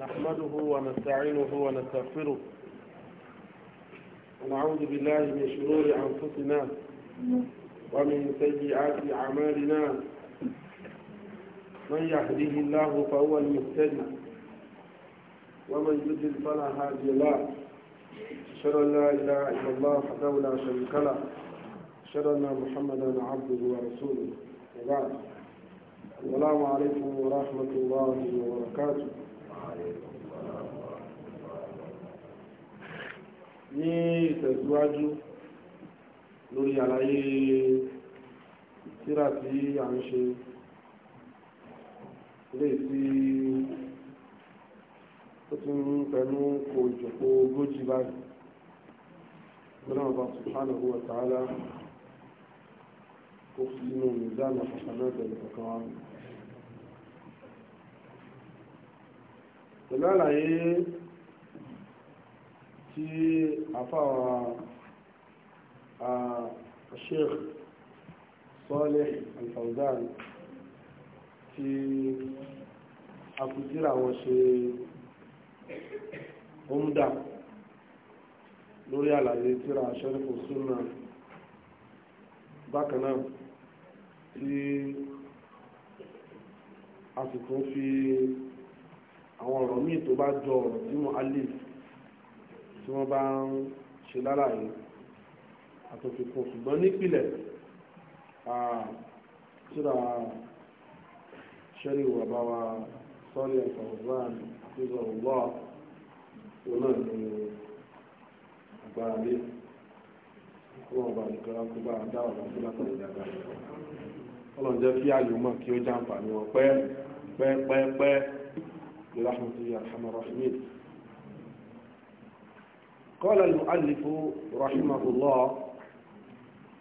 نحمده ونستعينه ونستغفره ونعوذ بالله من شرور أنفسنا ومن سيئات أعمالنا من يهديه الله فهو المهتدي ومن يضلل فلا هادي له أشهد أن لا إله إلا الله وحده لا شريك له أشهد أن محمدا عبده ورسوله وبعد السلام عليكم ورحمة الله وبركاته ní ìtẹ̀síwájú lórí àlàyé tírà tí a ń ṣe lè sí ó ti ń pẹ̀lú kò jòkó ogójì báyìí gbọ́nà ọba subhanahu wa ta'ala kó fi sínú mìzánà pàtàkì ẹ̀kọ́ wa pẹ̀lú tí àfáwà Sheikh Salih Al-Fawzan tí akùtíra wọn ṣe omdà lórí àlàyé tíra Sharifu Sunna bákan náà tí a sì tún fi àwọn ọ̀rọ̀ míì tó bá jọ ọ̀rọ̀ tí alice tí wọ́n bá ń ṣe lálàyé àtòkìkò ṣùgbọ́n nípìnlẹ̀ tíra ṣẹ́rí bàbá wa sọ́rí ẹ̀sọ̀ ọ̀gbọ́n àtúnṣe ọ̀gbọ́n òun náà ni agbára lé kó wọn bá nìkan kó bá dá ọ̀rọ̀ sí látàrí dàgbà ọlọ́run jẹ́ kí ayò mọ̀ kí ó jàǹfà ní wọn pẹ́ pẹ́ pẹ́ pẹ́ lọ́lá fún ti قال المؤلف رحمه الله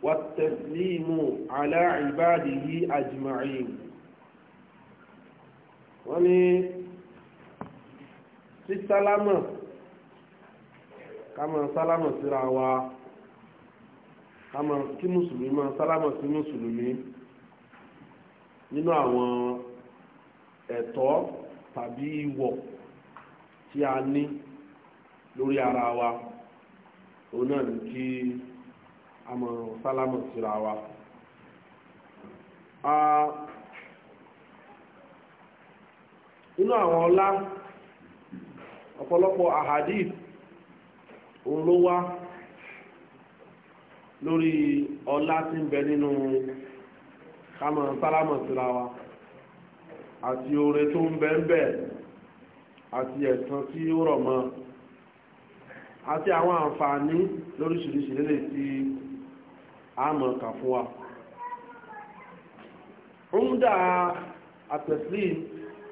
والتسليم على عباده أجمعين وني في السلامة كما سلام سراوة كما كي مسلمي سلام سلامة كي مسلمي nínú àwọn ẹ̀tọ́ tàbí ìwọ̀ a ní lórí ara wa òun náà ní kí a mọ̀ sálámù síra wa. inú àwọn ọlá ọ̀pọ̀lọpọ̀ ahadith òun ló wá lórí ọlá tí ń bẹ nínú ká mọ̀ sálámù síra wa àti oore tó ń bẹ ń bẹ àti ẹ̀san tí ó rọ̀ mọ́ ọ. àti àwọn àǹfààní lóríṣiríṣi lélẹ̀ tí a mọ̀ kà fún wa oúnjẹ àtẹ̀sílìm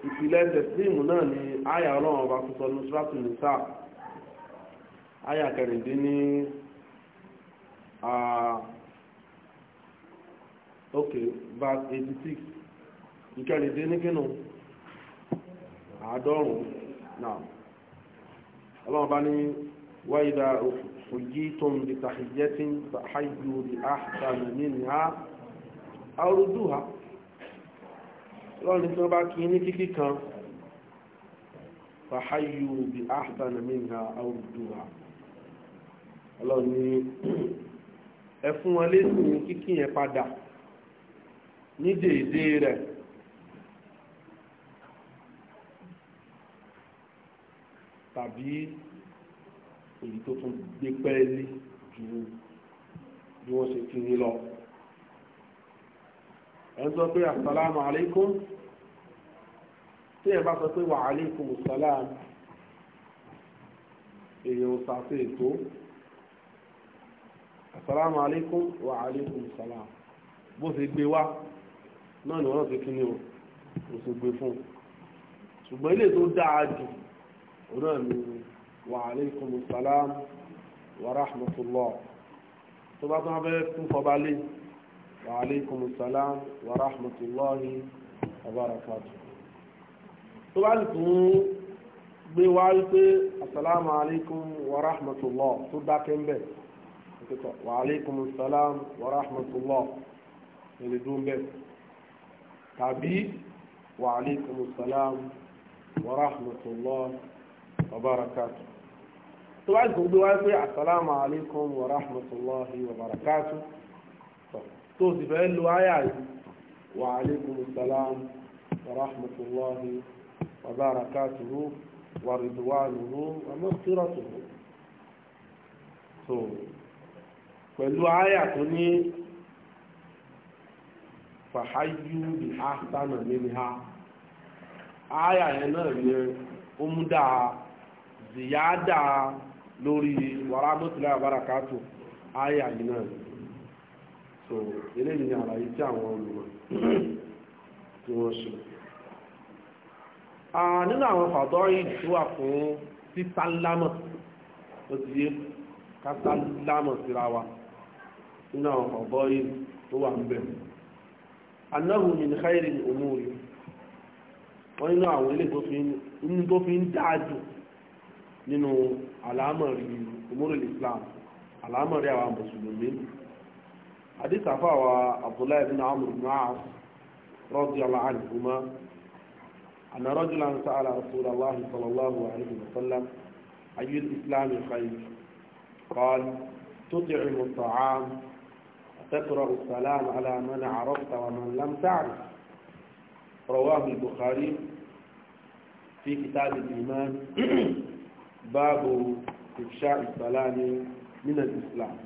ìpìlẹ̀ tẹ̀sílìm náà ni àyà ọlọ́run ọba tuntun ní sùràtù nìsà àyà kẹrìndín ní ok verse eighty six ìkẹrìndín ní kínú àádọ́rùn-ún náà ọlọ́run ọba ní. وإذا حجيتم بتحية فحيوا بأحسن منها أو ردوها lọ́rùn ní tí wọ́n bá kí ní kíkí kan fàáyù bí áhùtánà mìíràn àwùdúwà ọlọ́run ní ẹ fún wọn lẹ́sìn kíkí yẹn padà ní dèédé rẹ̀ tàbí èyí tó tún gbé pẹ́ẹ́lí ju bí wọ́n ṣe ti ní lọ. ẹ sọ pé asalaamu aleykum tí ẹ bá sọ pé wa aleykum salaam èèyàn ò sàṣe ètò asalaamu aleykum wa aleykum salaam bó ṣe gbé wá náà ni wọ́n ti kí ni o kò ṣe gbé fún un ṣùgbọ́n ilé tó dáa jù òun náà وعليكم السلام ورحمة الله تبعت عبيكم فبالي وعليكم السلام ورحمة الله وبركاته تبعت gbé wá wípé asalaamu aleykum wa rahmatulah tó dákẹ́ ń bẹ̀ wa aleykum salaam wa rahmatulah lórí dùn bẹ̀ tàbí wa aleykum salaam wa rahmatulah wa barakatuh tó wá gbogbo gbé wá pé asalaamu alaykum wa rahmatulahi wa barakatu tó sì fẹ́ lu àyà yìí wa alaykum salaam wa rahmatulahi wa barakatuhu wa ridwanuhu wa mọ́sírọ̀tuhu. tó pẹ̀lú àyà tó ní fàhájú bí ahsana minha àyà yẹn náà yẹ ó mú dáa ziyada lórí wàrà mọ́tìlá àbárakàtò àyà yìí náà so eléyìí ni àlàyé tí àwọn olùmọ̀ tí wọ́n ṣe nínú àwọn fàdọ́rì tó wà fún sísálámọ̀ ó ti yé kásálámọ̀ síra wa nínú àwọn fàdọ́rì tó wà ń bẹ̀ anáhùn min khairi umuri wọ́n nínú àwọn ilé tó fi ń dáa jù nínú àlámọ̀rí umurul islam àlámọ̀rí àwọn mùsùlùmí hadith àfàwà abdullahi bin amr bin as radiyallahu anhuma anna rajulan sa'ala rasulallahi sallallahu alayhi wa sallam ayyu al-islam khayr qala tut'imu at-ta'am تقرأ السلام على من عرفت ومن لم تعرف رواه البخاري في كتاب الإيمان باب إفشاء السلام من الإسلام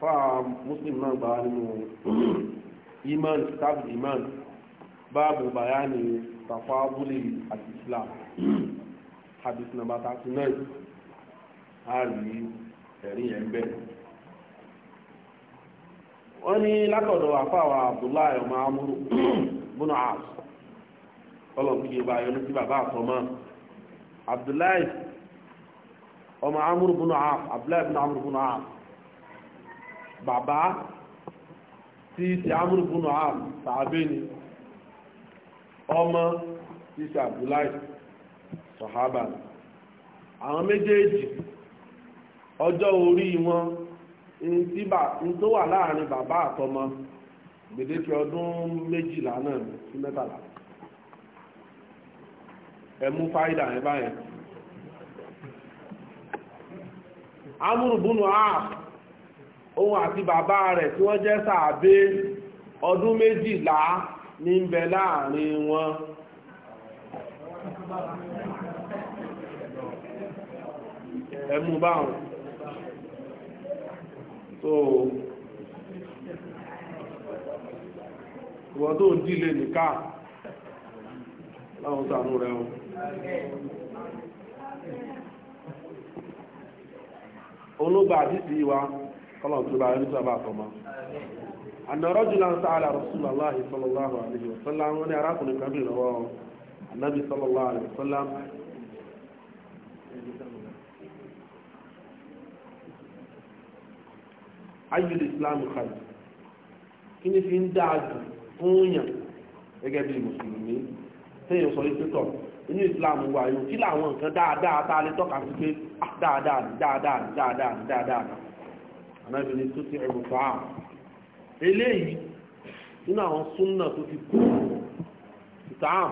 فمسلم من بانه إيمان كتاب الإيمان باب بيان تفاضل الإسلام حديث نمبر 39 هذه ẹ̀rí yẹn bẹ́ẹ̀. wọ́n ní látọ̀dọ̀ àfáwà abdullahi ọmọ amúrú bùnà àṣù ọlọ́run kí o bá yọnu sí bàbá àtọ́mọ́ abdullahi ọmọ amúrú bùnú àf abdullahi bùnú amúrú bùnú bàbá tí ti amúrú bùnú àf sàábé ni ọmọ tí ti abdullahi sọ̀hábà àwọn méjèèjì ọjọ́ orí wọn ní tó wà láàrin bàbá àtọmọ gbèdéke ọdún méjìlá náà sí mẹ́tàlá ẹmú fáìdà yẹn báyẹn amúrùbúnú àà òun àti bàbá rẹ̀ tí wọ́n jẹ́ sàábé ọdún méjìlá ní ń bẹ láàrin wọn ẹmú báwọn tó ìwọ̀n tó ń dílé nìká láwọn sàánú wọn olóògbà àdìsí wa kọ́lọ̀ tó bá rí tó bá fọmọ ànàrọ́ jùlọ allah sáà lárọ̀ sí lọ́lá ìfọlọ́lá àlejò ọ̀sọ́lá wọn ní arákùnrin kan bí islam fi ń dáa jù fún yàn gẹ́gẹ́ inú ìsìláàmù wà yóò kí làwọn nǹkan dáadáa tá a lè tọ́ka sí pé ah, dáadáa ní dáadáa ní dáadáa ní dáadáa ní anábì ní tó ti ẹ̀rù fà á eléyìí nínú àwọn súnà tó ti kú ìtààmù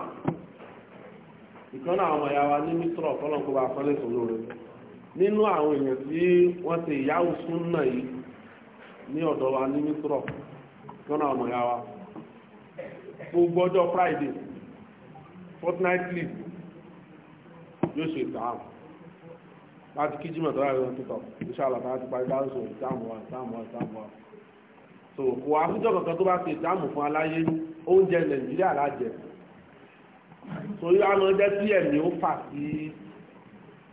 ìkan náà àwọn ẹ̀yà wa ní mísírọ̀ fọlọ́nkọ́ bá fọ́lẹ́ sọ̀rọ̀ rẹ̀ nínú àwọn èèyàn tí wọ́n ti ìyáwó súnà yìí ní ọ̀dọ̀ wa ní mísírọ̀ ìkan náà àwọn ẹ̀yà wa gbogbo ọjọ́ Friday fortnightly yóò ṣe ìtààmù láti kí jimọ̀ tó ráyọ̀ tó tọ̀ ìṣàlọ̀ tó ti parí dáhùn sọ ìtààmù wa ìtààmù wa ìtààmù wa so kò àfújọ kankan tó bá ṣe ìtààmù fún aláyé oúnjẹ nàìjíríà lájẹ torí àwọn ọjọ́ tí ẹ̀mí ó fà sí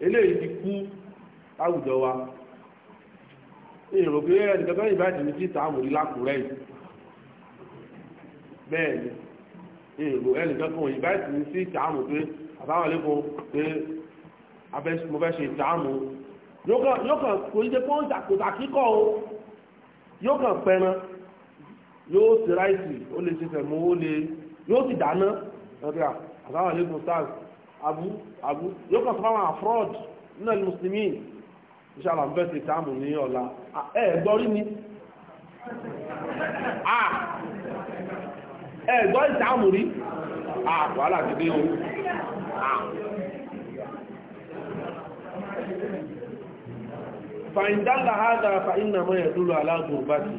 eléyìí ti kú láwùjọ wa èrò pé ẹnìkan tó ìbáàdì ní títà àmúrí lákùrẹ́ yìí bẹ́ẹ̀ ni èrò ẹnìkan kan ìbáàdì ní títà àmúrí àbáwọn lẹ́kọ̀ọ́ pé mo fẹ́ ṣe ìdáàmú yóò kàn kò ní ṣe pọ́ńtà kò tàkíkọ̀ o yóò kàn pẹran yóò sì ráìsì ó lè ṣe fẹ̀mú ó lè yóò sì dáná ọ̀gá àbáwọn lẹ́kọ̀ọ́ stars abu abu yóò kàn fún àwọn afrod nínú ẹni mùsùlùmí ìṣàlà ń bẹ́ẹ̀ ṣe ìdáàmú ní ọ̀la ẹ̀ gbọ́rí ni ẹ̀ gbọ́ ìdáàmú rí wàhálà ti dé o. fàìdálà hádà fàìnà ẹ̀dúrò alágbòrúbátì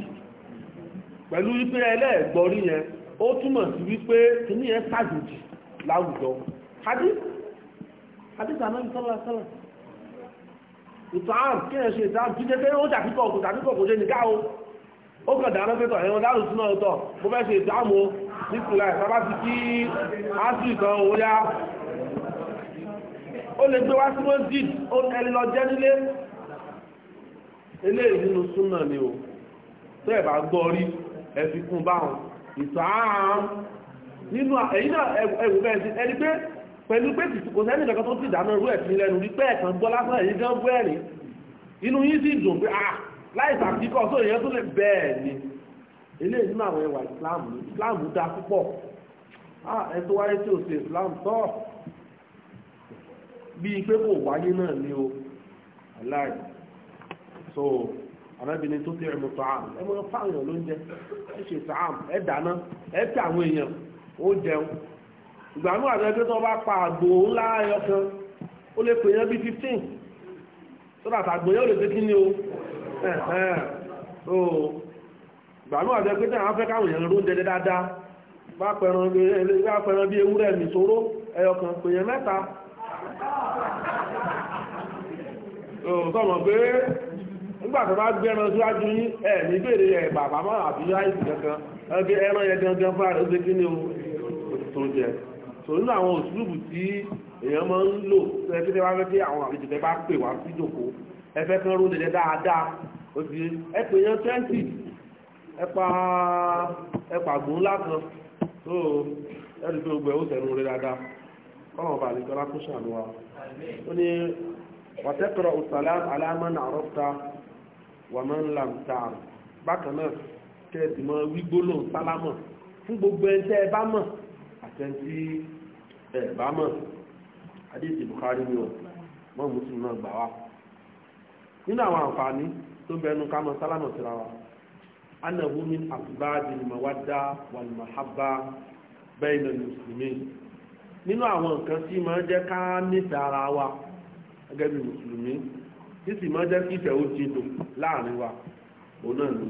pẹ̀lú wípé ẹlẹ́ẹ̀gbọ́rí yẹn ó túmọ̀ sí wípé ní ẹ sàjòjì láwùjọ hadith hadith àmẹ́rin sọ́lá sọ́lá kí ṣe kí ó lè gbé wá sí mọ́síd ó ẹni lọ jẹ́ nílé ilé ìdínú súnà ni o tó ẹ̀ bá gbọ́ rí ẹ fi kún báwọn ìtàn nínú èyí náà ẹ̀wù bẹ́ẹ̀ sí ẹni pé pẹ̀lú pé kò sẹ́ni kankan tó ti dáná irú ẹ̀sìn lẹ́nu rí pé ẹ̀kan gbọ́ lásán èyí gan gbọ́ ẹ̀rín inú yín sì dùn pé ah láì sàkíkọ́ sóò èyí tó lè bẹ́ẹ̀ ni ilé ìdínú àwọn ẹwà ìsìláàmù ìsìláàmù dá púpọ̀ ah ẹ tó wáyé tí ò sí ìsìláàmù tọ́ọ̀ bíi pé kò wáyé náà ní o aláì so arábìnrin tó tẹ̀rẹ̀ mọ́tò àmì ẹ máa fáwọn ló ń jẹ ẹ ṣe tààm ẹ dáná ẹ tẹ àwọn èèyàn ó jẹun ìgbà náà àti ẹgbẹ́ tó bá pa àgbò ńlá ẹyọ kan ó lè pè yẹn bíi fifteen tó dàtà àgbò yẹn ó lè dé kí ni o so ìgbà náà àti ẹgbẹ́ tó àwọn afẹ́ káwọn èèyàn ló ń jẹ dáadáa bá pẹran bíi ewúrẹ́ mi sóró ẹyọ kan pè yẹn mẹ́ta sọmọ pé nígbà tó bá gbẹ́ran síwájú yín ẹ̀ ní bèrè ẹ̀ bàbá máa àbí àìsí kankan ẹgbẹ́ ẹran yẹn gangan fún àrẹ ó ṣe kí ni o tó jẹ tó nínú àwọn òṣùlùbù tí èèyàn máa ń lò ẹgbẹ́ tẹ́ bá fẹ́ kí àwọn àlejò tẹ́ bá pè wá sí jòkó ẹfẹ́ kan ró lẹ̀ dáadáa ó ti ẹ pè yẹn twenty ẹpa ẹpa gbòó ńlá kan tó ẹ̀rí pé gbogbo ẹ̀ ó tẹ̀nu rẹ̀ dáadáa kọ́mọ̀ bàlẹ̀ kọ́lá kó ṣàlùwà ó ní wàtẹ́kọ̀rọ̀ ọ̀sàlám aláàmánà àrọ́ta wàmánlám tààrù bákan náà kẹ́ẹ̀sì mọ́ wígbóló sálámọ̀ fún gbogbo ẹ̀ńtẹ́ ẹ bá mọ̀ àtẹ̀ntí ẹ bá mọ̀ adéjì Bukhari ni ọ mọ́ mùsùlùmí náà gbà wá nínú àwọn àǹfààní tó ń bẹnu ká sálámọ̀ síra wa anahu min asibaabi mawadda wal mahabba bayna al muslimin nínú àwọn nǹkan tí máa jẹ́ ká nífẹ̀ẹ́ ara wa gẹ́gẹ́ bí mùsùlùmí tí sì máa jẹ́ kí ìfẹ́ ó ti dùn láàrin wa òun náà ni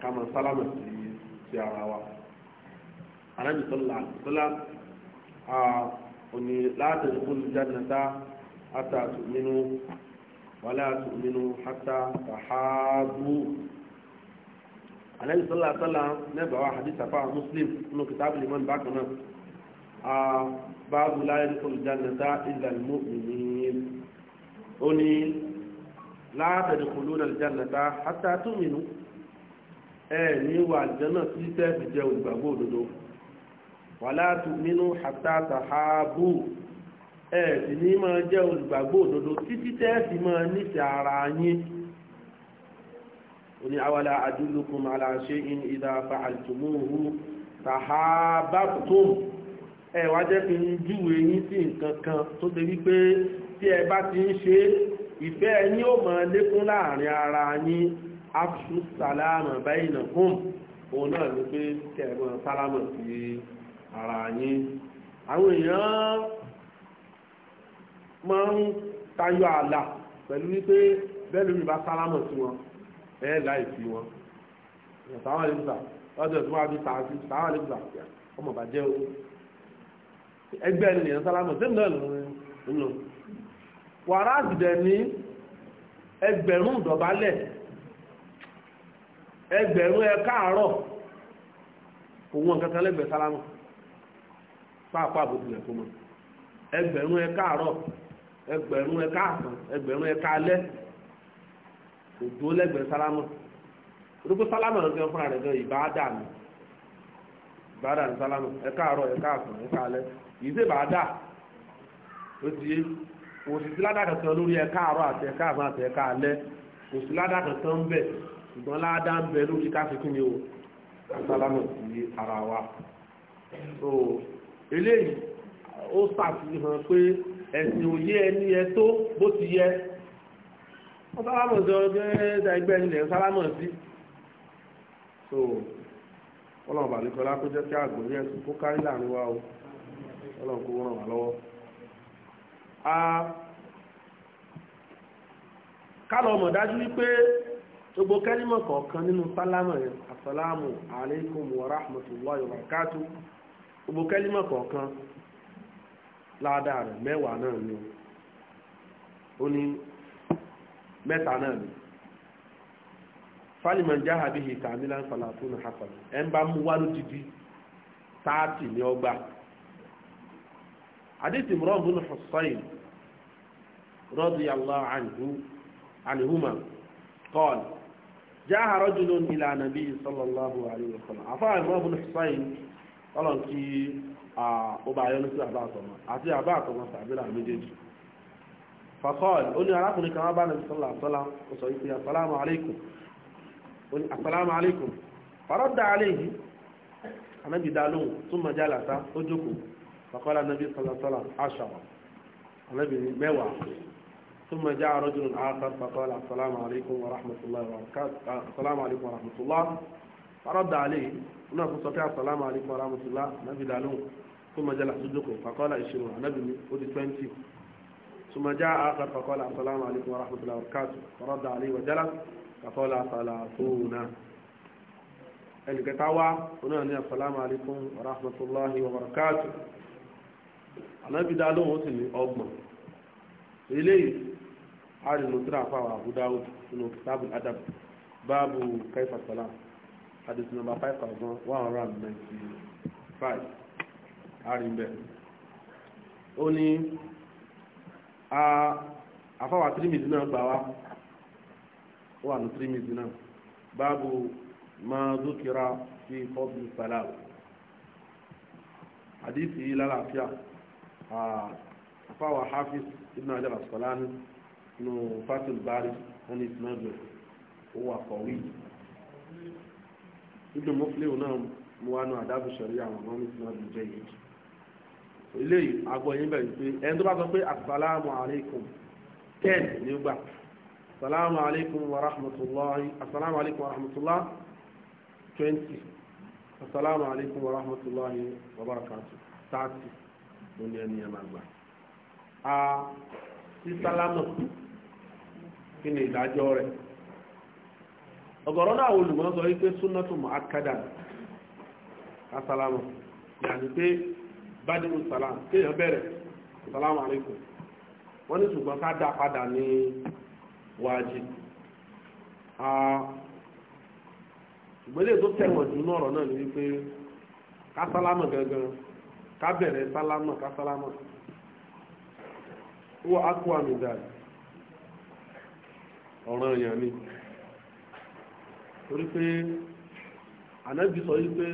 ká máa sálámà sí sí ara wa anábì sọlá sọlá òní láti ìdókòlù jannata hatta tu'minu wala tu'minu hatta tahabu anábì sọlá sọlá nẹ́bàá wa hadith afa muslim nínú kìtàbù liman bákan náà báàbù la yadkhulu jannata illa al ó ní láàbẹ̀rẹ̀ kò lónà ìjànàta hátà tó mìnú ẹ ní wà àlùjànnà tí tẹ́ẹ̀fì jẹ́ olùgbàgbọ́ òdodo wà látò mìnú hátà tàhábù ẹ sì ní máa jẹ́ olùgbàgbọ́ òdodo títí tẹ́ẹ̀fì máa nífẹ̀ẹ́ ara yín ó ní awàlá adullukum ala shay'in idha fa'altumuhu tàhábàtùm ẹ wá jẹ́ fi ń júwe yín sí nǹkan kan tó ṣe wípé tí ẹ bá ti ń ṣe ìfẹ́ yín ó mọ̀ lékún láàrin ara yín afṣu sàlámà bainakum òun náà ló pé kẹrọ sálámà sí ara yín àwọn èèyàn máa ń tayọ àlà pẹ̀lú wípé bẹ́ẹ̀ lómi bá sálámà sí wọn ẹ̀ láì fi wọn sáwọn àlejò sà ọjọ́ ìtumọ̀ àbí sàásì sáwọn àlejò sà ọmọ bàjẹ́ o ẹgbẹ́ ènìyàn sálámà sí náà lọ́wọ́ wàrà àdìdẹ̀ ní ẹgbẹ̀rún ìdọ̀bálẹ̀ ẹgbẹ̀rún ẹ káàárọ̀ òun kankan lẹ́gbẹ̀ẹ́ sálámù pàápàá àbòkù ẹ̀kọ́ mọ́ ẹgbẹ̀rún ẹ káàárọ̀ ẹgbẹ̀rún ẹ káàsán ẹgbẹ̀rún ẹ káalẹ́ òdó lẹ́gbẹ̀ẹ́ sálámù orúkọ sálámù ọ̀gá fúnra rẹ̀ gan ìbáadà mi ìbáadà ní sálámù ẹ káàárọ̀ ẹ káàsán ẹ káalẹ́ yìí ó ti yé kò sì sí ládàá kankan lórí ẹ̀ka àárọ̀ àti ẹ̀ka àmọ́ àti ẹ̀ka alẹ́ kò sí ládàá kankan ń bẹ ṣùgbọ́n ládàá ń bẹ lórí ká fi kí ni o asálámù sí ara wa so eléyìí ó ṣàfihàn pé ẹ̀sìn òye ẹni ẹ tó bó ti yẹ wọ́n sálámù sí ọdún ẹ̀ẹ́dà ẹgbẹ́ ẹni lẹ́yìn sálámù sí so ọlọ́run bàlẹ́ kọ́lá kó jẹ́ kí àgbọ̀nyẹ́sùn kó kárí láàrin wa o ọlọ́run kó ràn wá lọ́wọ́. kálọ̀ mọ̀ dájú wípé gbogbo kẹ́límọ̀ kọ̀ọ̀kan nínú sálámà yẹn asàlámù alaykum wa rahmatullahi wa barakatuh gbogbo kẹ́límọ̀ kọ̀ọ̀kan ládàá rẹ̀ mẹ́wàá náà ni ó ní mẹ́ta náà ni fálìmọ̀ jáhà bí hìtà nílá ń falàfún hassan ẹ̀ ń bá mú wá lójijì táàtì ní ọgbà àdéhùn Imran bin Husayn radiyallahu anhu anhuma qala jaa rajulun ila nabi sallallahu alayhi wa sallam àfáà Imran bin Husayn ọlọ́n kí ọba ayọ́nu sí àbá àtọ̀mọ́ àti àbá àtọ̀mọ́ sàbílà méjèèjì faqal ó ní arákùnrin kan wá bá nàbí sallallahu alayhi wa sallam ó sọ ìpè assalamu alaykum assalamu alaykum farada alayhi anábì dá lóhùn thumma jalasa ó jókòó فقال النبي صلى الله عليه وسلم عشرة، النبي mẹ́wàá ثم جاء رجل آخر فقال السلام عليكم ورحمة الله وبركاته السلام عليكم ورحمة الله فرد عليه هنا فسوكا السلام عليكم ورحمة الله نبي دالون ثم جلس صدقه فقال عشرون النبي ودي 20 ثم جاء آخر فقال السلام عليكم ورحمة الله وبركاته فرد عليه وجلس فقال ثلاثون القطوة هنا السلام عليكم ورحمة الله وبركاته ànábì dá lóhùn ó sì ní ọgbọ̀n eléyìí arìnrìn òtún àfàwà Abu Dawud nínú kitabu adab báàbù kaifa salam hadith number five thousand one hundred and ninety five arìnrìn bẹ́ẹ̀ ó ní àfàwà tírímìtì náà gbà wá ó wà ní tírímìtì náà báàbù máa dúkìrá fi fọ́bù salam hadith yìí lálàáfíà. Ah, àfáwà hafiz ibn adar asqalani nù fatul bari wọn ní ìsinmi ó wà kọ̀wé ibn mufliu náà mo wá nu àdábù sọ̀rí àwọn ọmọ yìí eléyìí yín bẹ̀rẹ̀ pé ẹni tó bá sọ pé asalaamu alaykum ni ó gbà asalaamu alaykum wa rahmatulahi asalaamu alaykum wa twenty asalaamu alaykum wa thirty. ó ẹni yẹn máa gbà á sí sálámà kí ni ìdájọ́ rẹ̀ ọ̀gọ̀rọ̀ náà olùmọ̀ sọ wípé súnátù mọ̀ akádà asalamu pé salam kéèyàn bẹ̀rẹ̀ wọ́n ní ṣùgbọ́n ká dá padà ní ìgbélé tó tẹ̀wọ̀n jù náà gangan ká bẹ̀rẹ̀ sálámà ká sálámà wọ akọ àmì dàrí ọ̀ràn èèyàn ni torí pé ànábì sọ wípé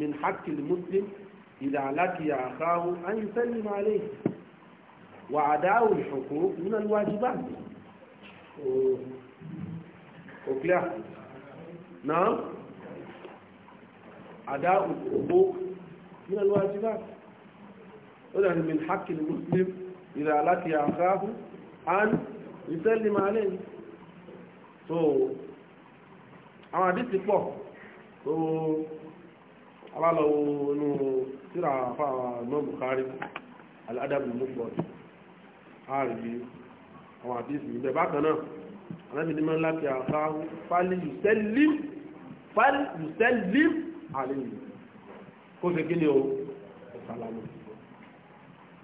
min hakki muslim ìdá aláti àkáwò ayé sẹ́lẹ̀ máa lè wà àdáwò ìṣòkó nínú níwájú bá òkúlẹ̀ náà àdáwò ìṣòkó من الواجبات وده من حق المسلم إذا لقي أخاه أن يسلم عليه so àwọn àdísì pọ̀ tó alálọ́wọ́ inú síra fáwọn ọmọ Bukhari al-Adab al-Mufrad ààrẹ àwọn àdísì ìgbẹ̀ bákan náà alábìnrin mọ́ láti àkáwọ́ fálì yùsẹ́lìm fálì yùsẹ́lìm àlèyìn kó ṣe kí ni o kó sálámù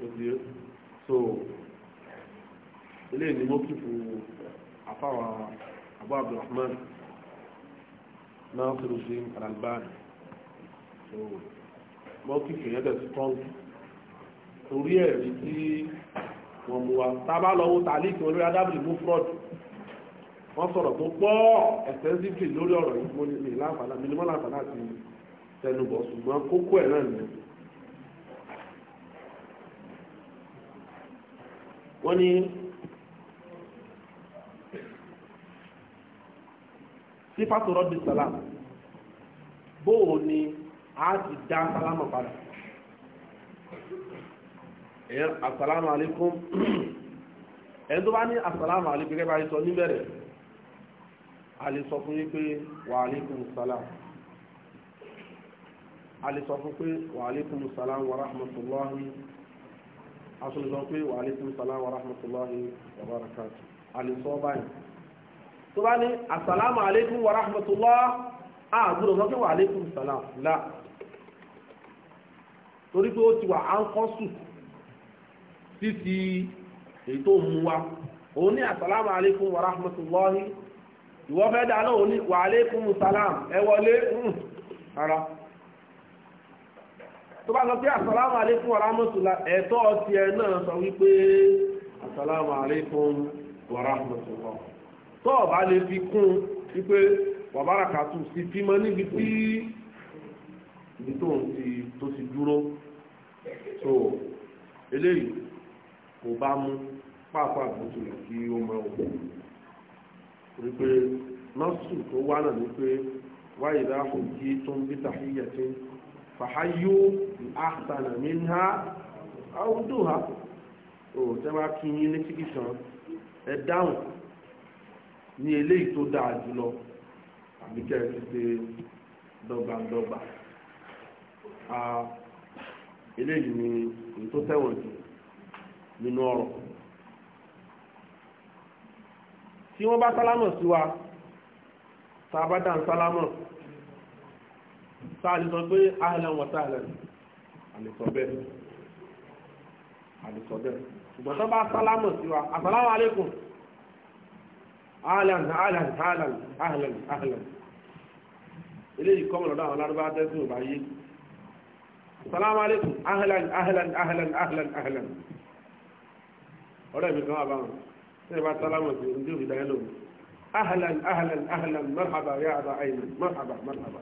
òbí so ilé ìní mọ́kì fún afáwà abu abdulrahman náà sọ̀rọ̀ sí alalbani so mọ́kì fún yẹn dẹ̀ strong torí ẹ̀rí tí wọ́n mú wa tábà lọ́wọ́ tàlíkì olórí adábìlì mú fraud wọ́n sọ̀rọ̀ tó pọ̀ extensively lórí ọ̀rọ̀ yìí mo ní láǹfààní mínímọ́ láǹfààní àti tẹnubọ̀ ṣùgbọ́n kókó ẹ̀ náà ni wọ́n ní sífàtò rọ́bì sàlám bóò ni a ti dá sálámà padà ẹ̀yẹn asàlámà alékún ẹni tó bá ní asàlámà alékún gẹ́gẹ́ bá yẹ sọ níbẹ̀rẹ̀ a sọ fún yín pé wà alékún sàlám a lè sọ wa alaikum salam wa rahmatulahi a tún wa alaikum salam wa rahmatulahi wa barakatu a lè sọ báyìí tó bá ní assalamu alaikum wa rahmatulah a gbọ́dọ̀ sọ pé wa salam la torí pé ó ti wà áńkọ́sù títí èyí muwa mú wa òun ní assalamu alaikum wa rahmatulahi ìwọ́fẹ́ dáná òun ní salam ẹ wọlé ara tó bá lọ sí asàlámù alaykum wa rahmatullahi ẹ̀tọ́ ọtí ẹ náà sọ wípé asàlámù alaykum wa tó o bá lè fi kún wípé wa barakatuh sí fímọ níbi tí ibi tó ń ti tó ti dúró so eléyìí kò bá mú pàápàá àbútulẹ̀ kí ó máa wò wípé nọ́ọ̀sù tó wá náà ní wáyé dáhùn kí tó ń bí tàhíyà tí fàáyó àtànà mìíràn àwùjọ ha ò tẹ́ bá kí yín ní kíkì kan ẹ dáhùn ní eléyìí tó dáa jùlọ àbí kẹ́ ẹ ti ṣe dọ́gbandọ́gba eléyìí ni èyí tó tẹ̀wọ̀n jù nínú ọ̀rọ̀ tí wọ́n bá sálámọ̀ sí wa tá a bá dá ń sálámọ̀ sáàlì sọ pé ahlan wa sahlan àlèsọ bẹ́ẹ̀ àlèsọ bẹ́ẹ̀ ṣùgbọ́n tó bá sálámọ̀ sí wa assalamu alaikum ahlan ahlan ahlan ahlan ahlan eléyìí kọ́mọ̀ lọ́dọ̀ àwọn alárúbá tẹ́sùn ọba yé assalamu alaikum ahlan ahlan ahlan ahlan ahlan ọ̀rẹ́ mi kan wà báwọn tí ẹ bá sálámọ̀ sí ohun tí ò fi ahlan ahlan ahlan marhaba ya aba ayman marhaba marhaba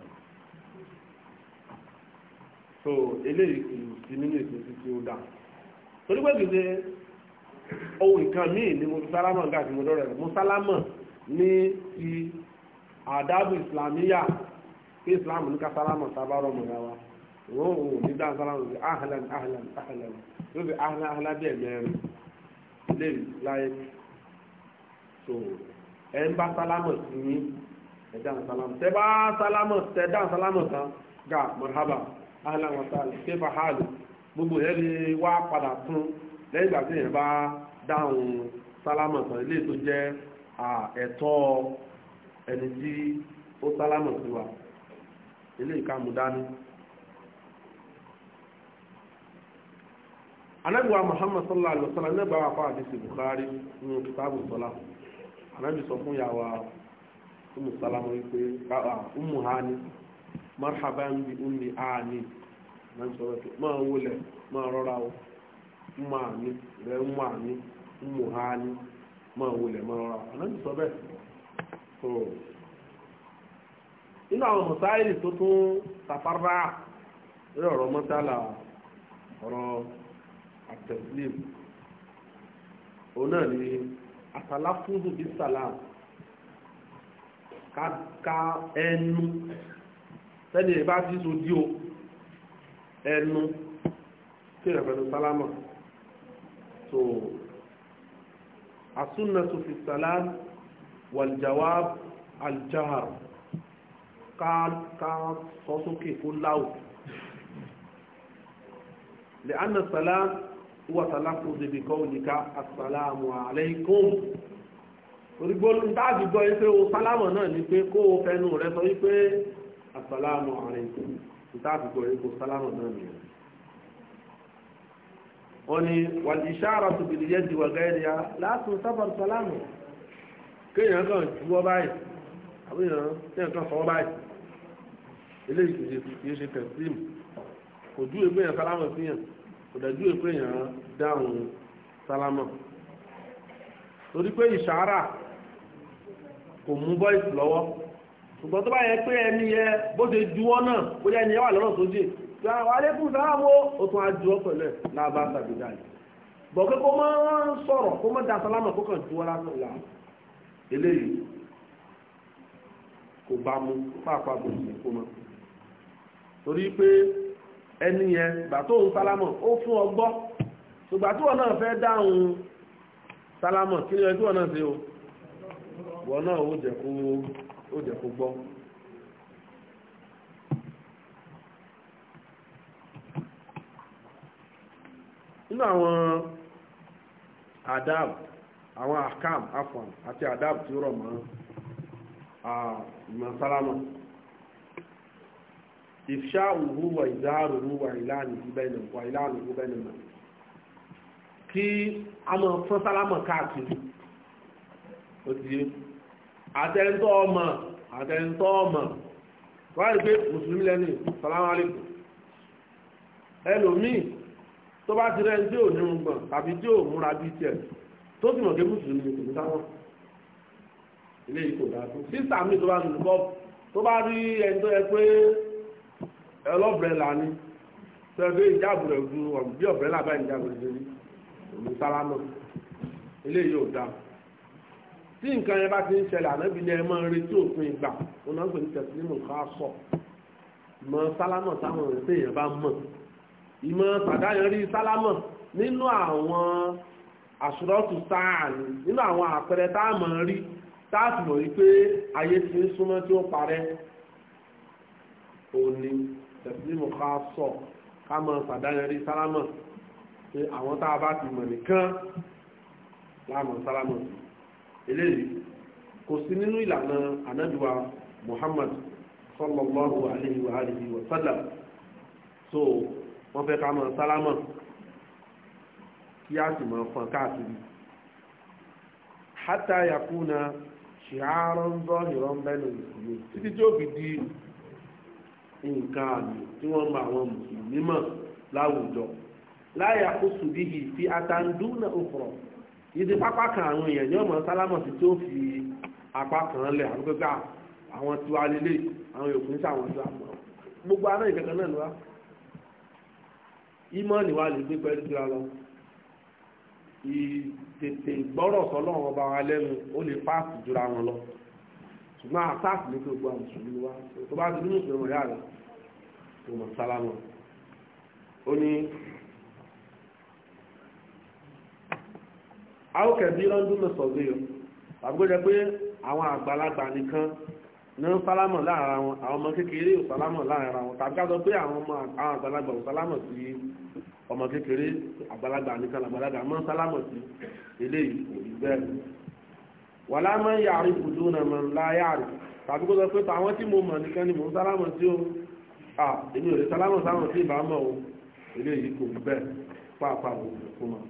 so eléyìí kì í sí nínú ìpèsè tí ó dà torí pé kìí ṣe ohun nǹkan míì ni mo sálámà ń gàtí mo dọ́rọ̀ rẹ̀ mo sálámà ní ti àdábù ìsìlámíyà pé ìsìlámù ní ká sálámà sábàrọ̀ wa wọ́n ò ní dá sálámà sí ahlan ahlan ahlan ló fi ahlan ahlan bí ẹ̀mẹ́rin léyìí láyé so ẹ̀ ń bá sálámà sí ní ẹ̀dá sálámà tẹ́ bá sálámà tẹ́ dá sálámà tán gà marhaba ahlan wa sahlan kéfà gbogbo yẹn ni wá padà tún lẹ́yìn ìgbà tí yẹn bá dáhùn sálámà tán ilé tó jẹ́ ẹ̀tọ́ ẹni tí ó sálámà sí wa ilé ìkàmù dání. anabiwa muhammad sallallahu alaihi wasallam ne ba wa nu kitabu anabi umu marhaban bi ummi aani máa ń sọ wípé máa wọlé máa rọra o mma mi rẹ mma mi mmu aani máa wọlé máa rọra o ànábi sọ bẹ́ẹ̀ so nínú àwọn mọ̀sáìlì tó tún sàfárá lórí ọ̀rọ̀ mọ́tálà ọ̀rọ̀ àtẹ̀sílẹ̀ òun náà ni tẹ́ni ẹ̀ bá ti so dí o ẹnu tí ìrẹ̀ pẹ̀lú sálámà so asúnnàtò fi sàlám wàljawab aljahar ká ká sọ sókè kó láwù lè ánà sàlám wọ́n sàlámù zèbè kọ́ òníká asàlámù àlẹ́kùn orígbóhùn dáàbì gbọ́ yí pé o sálámù náà ni pé kó o fẹnu rẹ sọ yí pé asàlámù àlẹ́kùn ìtàkùn kò rí kò sálámù náà nìyẹn. wọ́n ní wàlìṣáàrà tó bìlì yẹ́ diwọ̀ gẹ́rẹ́ ya látún sábàrù sálámù kéèyàn kan juwọ́ báyìí àbúyàn kéèyàn kan fọwọ́ báyìí eléyìí kìí ṣe tẹ̀síìm kò ju èpè yẹn sálámù sí yẹn kò dájú èpè yẹn dáhùn sálámù torí pé ìṣàárà kò mú bọ́ìsì lọ́wọ́ ṣùgbọ́n tó bá yẹ pé ẹni yẹ bó ṣe juwọ́ náà ó yẹ ẹni yẹ wà lọ́nà tó jì alékún sáàmù ó tún ajuwọ́ pẹ̀lú ẹ̀ lába sàbíjà yìí bọ̀ pé kó máa ń sọ̀rọ̀ kó máa da sálámà kó kàn juwọ́ lásán ìlà eléyìí kò bá mu pàápàá bò sí kó mọ́ torí pé ẹni yẹn gbà tó ń sálámà ó fún ọgbọ́ ṣùgbà tí wọn náà fẹ́ dáhùn sálámà kí ni ẹ tí wọn náà ṣe o wọn náà ó jẹ kó ó jẹ́ kó gbọ́. nínú àwọn adab àwọn akam afọn àti adab tí ó rọ̀ mọ́ ìmọ̀ sálámà ìfṣà òhú wà ìdáàrò òhú wà ìlànà ìbẹ̀nà wà kí a mọ̀ fún sálámà káàkiri ó ti ọmọ àtẹ̀ntọ́ ọmọ wáyé pé mùsùlùmí lẹ́nu sàlámù aláìkùm ẹlòmíì tó bá ti rẹ́ni tí ò ní gbọ̀n tàbí tí ò múra bíi tiẹ̀ tó sì mọ̀ pé mùsùlùmí kò ní sáwọn ilé yìí kò dáa tó sísà mi tó bá lù bọ́ tó bá rí ẹni tó yẹ pé ẹlọ́bẹ̀rẹ̀ là ní tẹ́lẹ̀ ìjáàbù rẹ̀ ju bí ọ̀bẹ̀rẹ̀ làbá ìjáàbù rẹ̀ lórí òní sálámù ilé yìí dáa tí nǹkan yẹn bá ti ń ṣẹlẹ̀ ànábì ni ẹ máa ń retí òpin ìgbà òun náà pè ní tẹ̀sílímù ká sọ mọ sálámọ̀ táwọn ọ̀rẹ́ tèèyàn bá mọ̀ ìmọ̀ tàdáyẹrí sálámọ̀ nínú àwọn àṣùrọ́tù sáàni nínú àwọn àpẹẹrẹ tá a mọ̀ rí tá a sì mọ̀ wípé ayé ti ń súnmọ́ tí ó parẹ́ òní tẹ̀sílímù ká sọ ká mọ tàdáyẹrí sálámọ̀ pé àwọn tá a bá ti mọ̀ nìkan láàmú sálámọ̀ sí eléyìí kò sí nínú ìlànà anáduwa muhammad sallallahu alayhi wa alihi wa sallam so wọ́n fẹ́ ká máa sálámà kí a sì máa fọn káàkiri hátà yakuna ṣìárán zọ́hìrán bẹ́nu ìsinmi títí tí ó fi di nǹkan àmì tí wọ́n bá àwọn mùsùlùmí mọ̀ láwùjọ láyà kó sùdíhì fi àtàndúnà òfurọ̀ yìí ti pápá kan àwọn èèyàn ní ọmọ sálámọ̀ sí tó fi apá kan lẹ̀ àwọn gbẹ́gbà ah, àwọn tiwa lélẹ̀ àwọn yòókù ní sàwọn tiwa gbogbo aná ìkẹ́kẹ́ náà ni wá ìmọ̀ ni wá lè gbé pẹ́lú tiwa lọ ìtètè gbọ́rọ̀ sọlọ́run ọba wa lẹ́nu ó lè fáàsì jura wọn lọ ṣùgbọ́n àtàkì ní gbogbo àwọn mùsùlùmí wa tó bá ti ní mùsùlùmí rẹ̀ àrẹ tó mọ̀ sálámọ̀ ó ní àwòkẹ́ bí lọ́dún lọ sọ̀gbé o àbúgbọ́jọ pé àwọn àgbàlagbà nìkan ní sálámọ̀ láàárín wọn àwọn ọmọ kékeré ò sálámọ̀ láàárín wọn tàbí ká sọ pé àwọn àgbàlagbà ò sálámọ̀ sí ọmọ kékeré àgbàlagbà nìkan làgbàlagbà mọ́ sálámọ̀ sí eléyìí kò rí bẹ́ẹ̀ wàlá máa ń yàrí ibùdó náà máa ń láyàrí tàbí kó sọ pé tàwọn tí mo mọ̀ nìkan ni mò ń sálámọ̀ sí o à èmi ò lè sálámọ̀ sáwọn tí ìbámọ̀ o eléyìí kò rí bẹ́ẹ̀ pàápàá òkú mọ́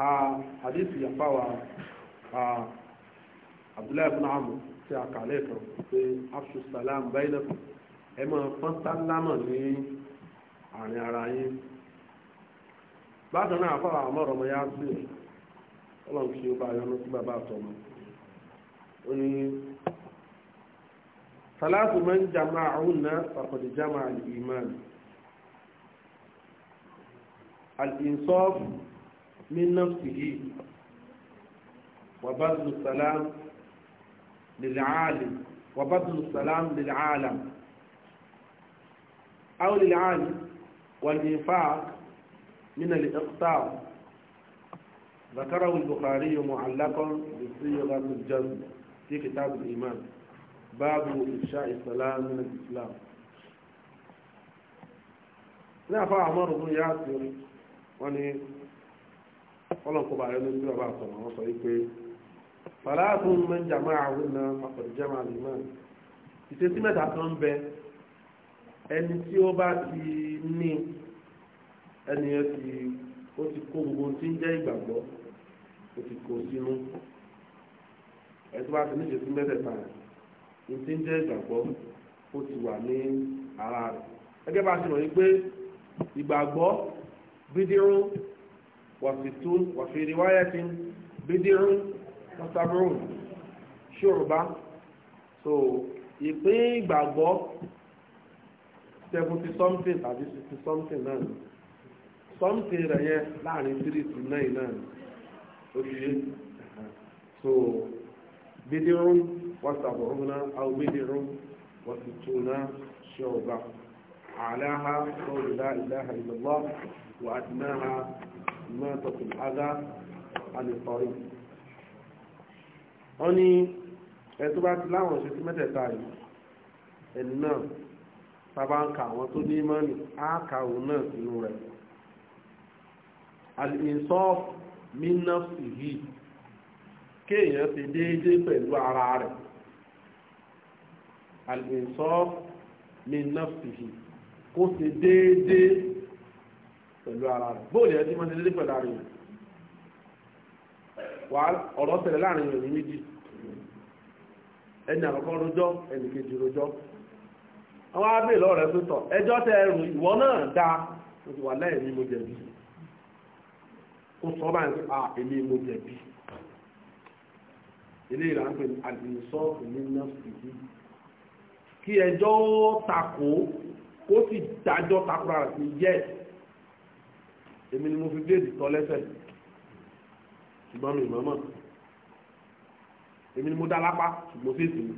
ha hadith ya fawa a abdullahi ibn amr ti a kàlẹ́ kan pé afṣu salam bainakum ẹ máa fọ́n sálámà ní àárín ara yín bákan náà fáwọn àmọ́ràn ọmọ yá sí ọlọ́run kí ó bá yọnu sí bàbá àtọmọ ó ní salatu man jama'ahunna faqad jama'a al-iman al-insaf من نفسه وبذل السلام للعالم وبذل السلام للعالم أو للعالم والإنفاق من الإقطاع ذكره البخاري معلقا بصيغة الجزم في كتاب الإيمان باب إفشاء السلام من الإسلام لا فأعمر بن ياسر وني ọlọ́nkọba rẹ ló ń gbé ọba àtọ̀nà wọn sọ wípé fàlàtún mẹ́jà máa wù ná ọ̀dìjẹ́ máa lè mọ́ ìṣesí mẹ́ta kan ń bẹ ẹni tí ó bá ti ní ẹni yẹn ti ó ti kó gbogbo tí ń jẹ́ ìgbàgbọ́ ó ti kó sínú ẹni tó bá ti ní ìṣesí mẹ́tẹ̀ẹ̀ta ní tí ń jẹ́ ìgbàgbọ́ ó ti wà ní ara rẹ̀ gẹ́gẹ́ bá a ti mọ̀ yí pé ìgbàgbọ́ bídírún وستون وفي رواية بدع وسبعون شعبة so ìpín ìgbàgbọ́ seventy something tàbí sixty something náà something rẹ̀ yẹn láàrin three to nine náà oṣìṣẹ́ so bidirun wasaburuna aw bidirun wasituna ṣọba alaha qawlu la ilaha illallah wa adnaha mẹ́tọ̀ tó ága alìsọ̀rí wọ́n ní ẹni tó bá ti láwọn ṣe sí mẹ́tẹ̀ẹ̀ta yìí ẹni náà sábà ń ka àwọn tó ní mọ́ni á ka òun náà sínú rẹ̀ alìsọ́f mínọ́sì yìí kéèyàn ti déédéé pẹ̀lú ara rẹ̀ alìsọ́f mínọ́sì yìí kó ṣe déédéé pẹ̀lú ara rẹ̀ bóòlù ẹ̀ tí wọ́n ti lé pẹ̀lú ara rẹ̀ wà ọ̀rọ̀ tẹ̀lé láàrin rẹ̀ ní méjì ẹni àkọ́kọ́ rojọ́ ẹni kejì rojọ́ àwọn abẹ́ lọ́rẹ̀ tó tọ̀ ẹjọ́ tẹ ẹrù ìwọ náà dá mo ti wà lẹ́yìn mi mo jẹ̀bi kó sọ báyìí pé ah èmi mo jẹ̀bi eléyìí là ń pè ní àdìsọ́ ìnínà fìdí kí ẹjọ́ takò kó sì dájọ́ takò rà sí yẹ́sì èmi ni mo fi bléèdì tọ́ lẹ́sẹ̀ ṣùgbọ́n mi ìmọ̀ọ́mọ̀ èmi ni mo dá lápá ṣùgbọ́n fèsì mi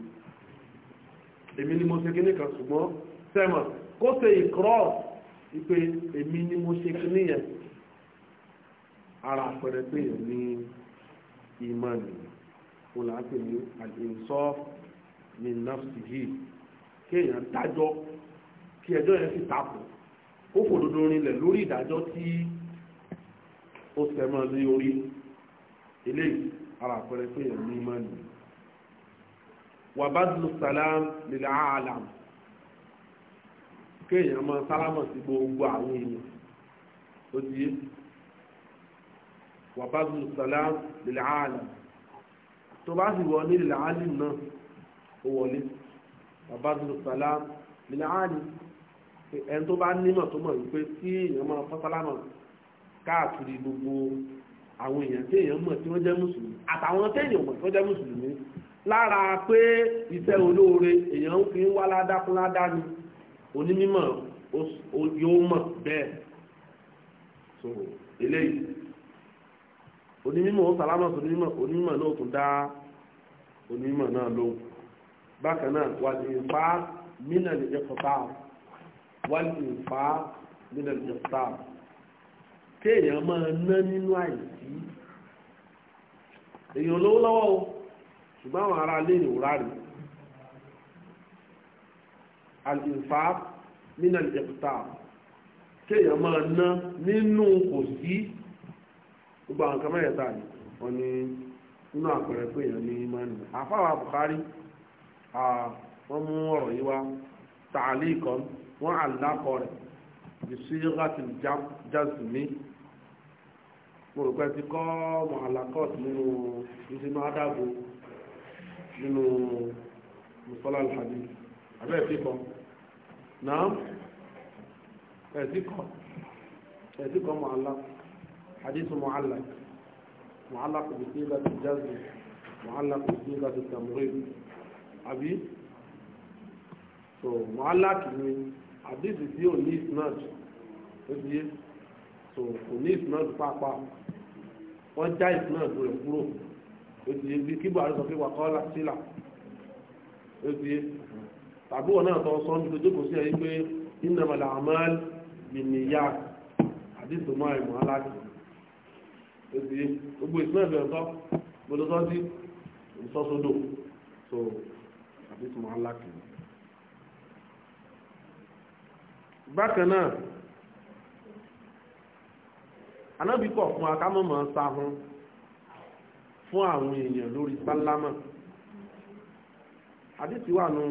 èmi ni mo ṣe kíní kan ṣùgbọ́n sẹ́mọ̀ kó ṣe ìkọ́rọ̀ ìpè èmi ni mo ṣe kíní yẹn ara àpẹẹrẹ pé èèyàn ní ìmọ̀ nìyẹn wọn là ń pè ní al-insaf min nafsihi kéèyàn dájọ́ kí ẹjọ́ yẹn sì takò ó fòdodo rinlẹ̀ lórí ìdájọ́ tí ó tẹ̀mọ́ lé orí eléyìí ara àpẹẹrẹ pé èèyàn ní ìmọ̀ nìyí. wà bá dùn sàlám lílẹ̀ àlàm kéèyàn máa sálámọ̀ sí gbogbo àwọn èèyàn ó ti yé wà bá dùn sàlám lílẹ̀ àlàm tó bá sì wọlé lílẹ̀ àlìm náà ó wọlé wà bá dùn sàlám lílẹ̀ àlìm ẹni tó bá nímọ̀ tó mọ̀ wípé tí èèyàn máa fọ́ sálámọ̀ káàkiri gbogbo àwọn èèyàn téèyàn mọ̀ tí wọ́n jẹ́ mùsùlùmí àtàwọn téèyàn mọ̀ tí wọ́n jẹ́ mùsùlùmí lára pé iṣẹ́ olóore èèyàn fi ń wá ládákúnládá ni onímọ̀ yóò mọ̀ bẹ́ẹ̀ so eléyìí onímọ̀ ó sàlámọ̀ sí onímọ̀ onímọ̀ náà tún dá onímọ̀ náà lóhùn bákan náà wà ní ìfá mínà lè jẹ́ kọ́tà wà ní ìfá mínà lè jẹ́ kọ́tà kéèyàn máa ná nínú àìsí èèyàn lówó lọ́wọ́ o ṣùgbọ́n àwọn ará ilé ìwúrà rẹ̀ àlùfà nínú ìjẹ̀kúta kéèyàn máa ná nínú kò sí gbogbo àwọn kan mẹ́rẹ̀ẹ́ta ni wọ́n ní nínú àpẹẹrẹ pé èèyàn ní mọ́ni àfáwà Bukhari wọ́n mú ọ̀rọ̀ yìí wá tààlì kan wọ́n àlákọ̀ rẹ̀ bisighati jazmi mo rò pé ti kọ́ mọ̀hálàkọ́t nínú ìsinmi adágún nínú mùsọ́lá alhadi abẹ́ ẹ̀ ti kọ́ náà ẹ̀ ti kọ́ ẹ̀ ti kọ́ mọ̀hálà hadithu mọ̀hálà mọ̀hálà kò sí ìgbà tó jáde mọ̀hálà kò sí ìgbà tó tẹ̀mùrẹ́ àbí so mọ̀hálà kìíní àdéhùn tí ò ní ìsinmi náà ó di yé so kò ní ìsinmi náà pàápàá wọ́n já ìsúná ìlú rẹ̀ kúrò òtìyẹ bíi kí buhari sọ pé wà kọ́ sílà òtìyẹ tàbí wọn náà tọ́ sọ ní ojókòó sí ẹ̀yí pé innamal a'mal binniyat àdìsọ mọ́ ẹ̀mọ́ aláàdì òtìyẹ gbogbo ìsúná ìlú ẹ̀tọ́ gbọdọ̀tọ́ sí ìsọ́sọdò tó àdìsọ mọ́ aláàdì. bákan náà anábì kọ̀ fún akámọ́mọ́ sáhún fún àwọn èèyàn lórí sálámà àdìsí wà nù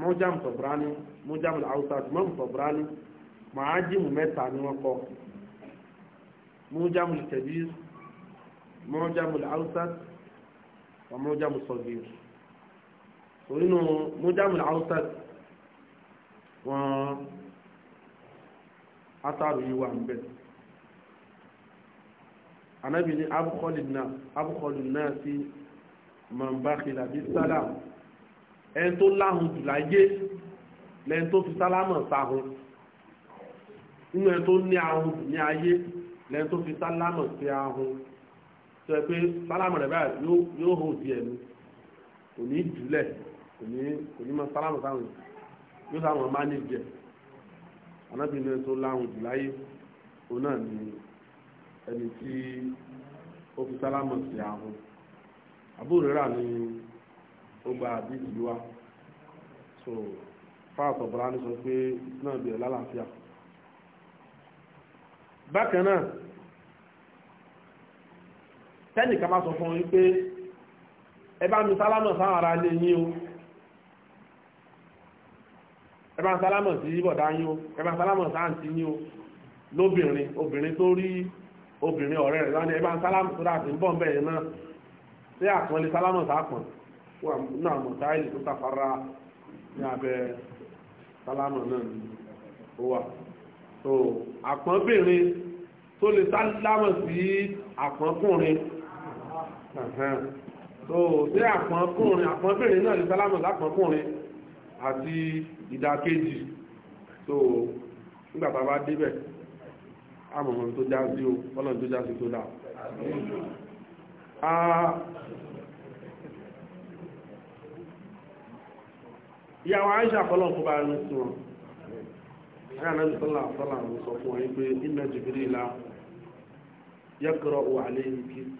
mọ́jàm tọ̀bùrání mọ́jàm àwùsá mọ́m tọ̀bùrání màá jìmù mẹ́ta ni wọ́n kọ́ mọ́jàm tẹ̀bí mọ́jàm àwùsá mọ́jàm sọ̀gìrì torí nù mọ́jàm àwùsá wọ́n atàrò yìí wà ń bẹ̀rẹ̀ anábì ní abúkọ́lù náà sí mọ̀nbákìlà bí sálàm ẹni tó láhùn jù láyé lẹ́ni tó fi sálámọ̀ sáhùn nínú ẹni ni ní ni ní ayé lẹ́ni tó fi sálámọ̀ sí ahùn tó yẹ pé sálámọ̀ rẹ̀ báyìí yóò hò di ẹ̀mí kò ní jùlẹ̀ kò ní kò ní mọ sálámọ̀ yóò sáwọn máa ní jẹ anábì ní ẹni tó láhùn jù láyé òun ẹni tí ó fi sálámù sí àhùn àbúrò rà ní ó gba wa so fáàtọ̀ bọ̀lání sọ pé náà bẹ̀rẹ̀ lálàáfíà bákan náà tẹ́nìkan bá sọ fún yín pé ẹ bá mi sálámù sáwọn ará ilé yín o ẹ bá sálámù sí bọ̀dá yín o ẹ bá sálámù sáà sí yín o lóbìnrin obìnrin tó rí obìnrin ọ̀rẹ́ rẹ̀ lánàá ẹ̀bá sálámù tó dà sí ń bọ̀ ń bẹ̀rẹ̀ náà ṣé àpọ́nlé sálámù sàpọ̀n náà mọ̀ táìlì tó sàfara ní abẹ́ sálámù náà ni ó wà. tó àpọ́nbìnrin tó lè sálámù sí àpọ́nkùnrin tó ṣé àpọ́nkùnrin àpọ́nbìnrin náà lè sálámù sápọ́nkùnrin àti ìdàkejì tó nígbà tá a bá débẹ̀. àmọ̀mọ̀ tó já sí o ọlọ́run tó já sí tó dáa ìyàwó àìṣà fọlọ́n kó bá rí sí wọn ẹ̀yà náà sọ́là sọ́là ló sọ fún wọn pé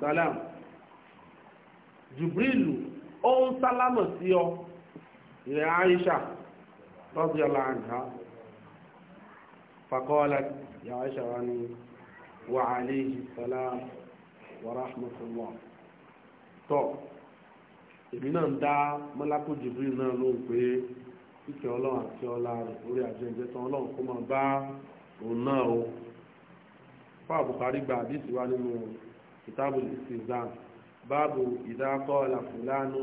salam ó ń sí ọ ìrẹ̀ àìṣà radiyallahu ìyá aisha wa ni wa aleyhi salam wa rahmatullah tọ́ èmi náà ń dá mọ́lákù jibril náà lóhùn pé kíkẹ́ ọlọ́run àti ọlá rẹ̀ lórí àjẹjẹ tán ọlọ́run kó máa bá òun náà o fún àbùkárí gba àdìsí wa nínú kìtàbù ìsìnzán báàbù ìdákọ́ làfúlánú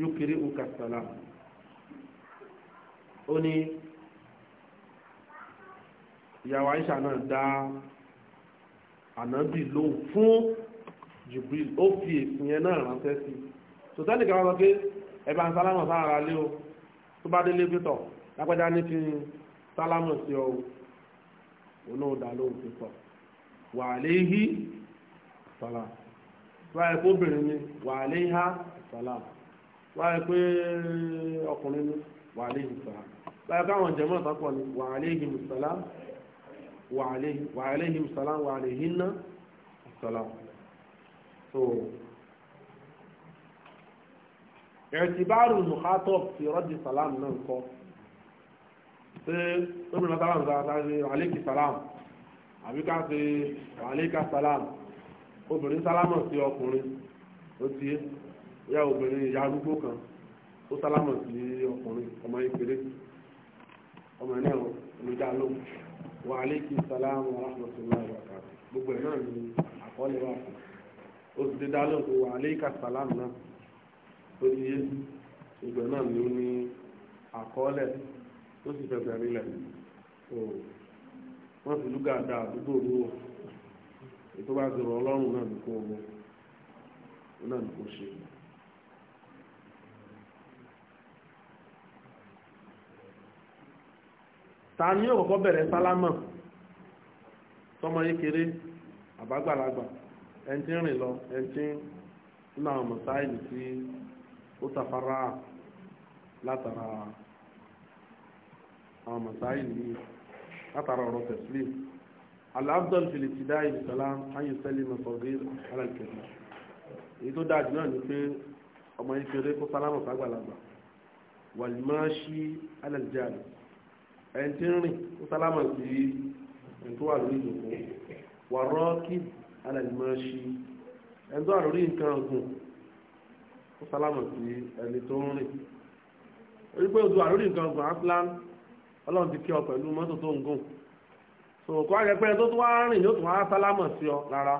yókèrè òkàtàlà ó ní ìyàwó Aisha náà dá ànábì lóhùn fún Jibril ó fi èsì yẹn náà ránṣẹ́ sí i tòtẹ́lì kan sọ pé ẹ bá ń sálámù sára lé o tó bá délé pé tọ̀ lápẹ́já ní fi sálámù sí ọ o náà dá lóhùn pé tọ̀ wà léhí sàlá wáyé pé obìnrin ni wà léhá sàlá wáyé pé ọkùnrin ni wà léhí sàlá wáyé pé àwọn jẹ̀mọ́ ìtàkùn ni wà léhí sàlá wa alayhim salam wa alayhinna salam so ẹ̀tìbáàrù mùkátọ̀ ti rọ́dì salam náà ń kọ́ ṣe obìnrin salam ṣe alayki salam àbíká ṣe alayka salam obìnrin sálámọ̀ sí ọkùnrin ó ti yá obìnrin ìyá arúgbó kan ó sálámọ̀ sí ọkùnrin ọmọ ìpèrè ọmọ ẹ̀ náà ló dá lóhùn wa aleykum salaam wa rahmatulahi wa barakatuh gbogbo ẹ̀ náà ni àkọọ́lẹ̀ wà fún ó ti dé dálọ́ pé wa aleykum salaam náà ó ti yé gbogbo ẹ̀ náà ni ó ní àkọọ́lẹ̀ ó sì fẹ́ bẹ̀rẹ̀ nílẹ̀ o wọ́n fi lúgà da àdúgbò olówó ètò bá ti rọ ọlọ́run náà ní kó o náà ní kó o ṣe. ta ni yóò kọ́kọ́ bẹ̀rẹ̀ sálámà tọmọ yìí kéré àbágbàlagbà ẹni tí ń rìn lọ ẹni tí nínú àwọn mọ̀sáìlì tí ó tafara látara àwọn mọ̀sáìlì yìí látara ọ̀rọ̀ tẹ̀sílì aláàbdọ́l fìlìtìdá ìbìsọ́lá ayé sẹ́lì mọ̀sọ̀rí alàkẹ́lẹ́ èyí tó dáa jù náà ni pé ọmọ yìí kéré kó sálámà sàgbàlagbà wàlímáṣí alàjáde ẹni tí ń rìn ó sálámà sí ẹni tó wà lórí ìjòkó wà rọ́ọ̀kì alẹ́dìmọ́ṣí ẹni tó wà lórí nǹkan ọ̀gùn ó sálámà sí ẹni tó ń rìn orí pé odò àlórí nǹkan ọ̀gùn aslan ọlọ́run ti kí ọ pẹ̀lú mọ́tò tó ń gùn so kó àjẹpẹ́ tó tún wá rìn yóò tún wá sálámà sí ọ rárá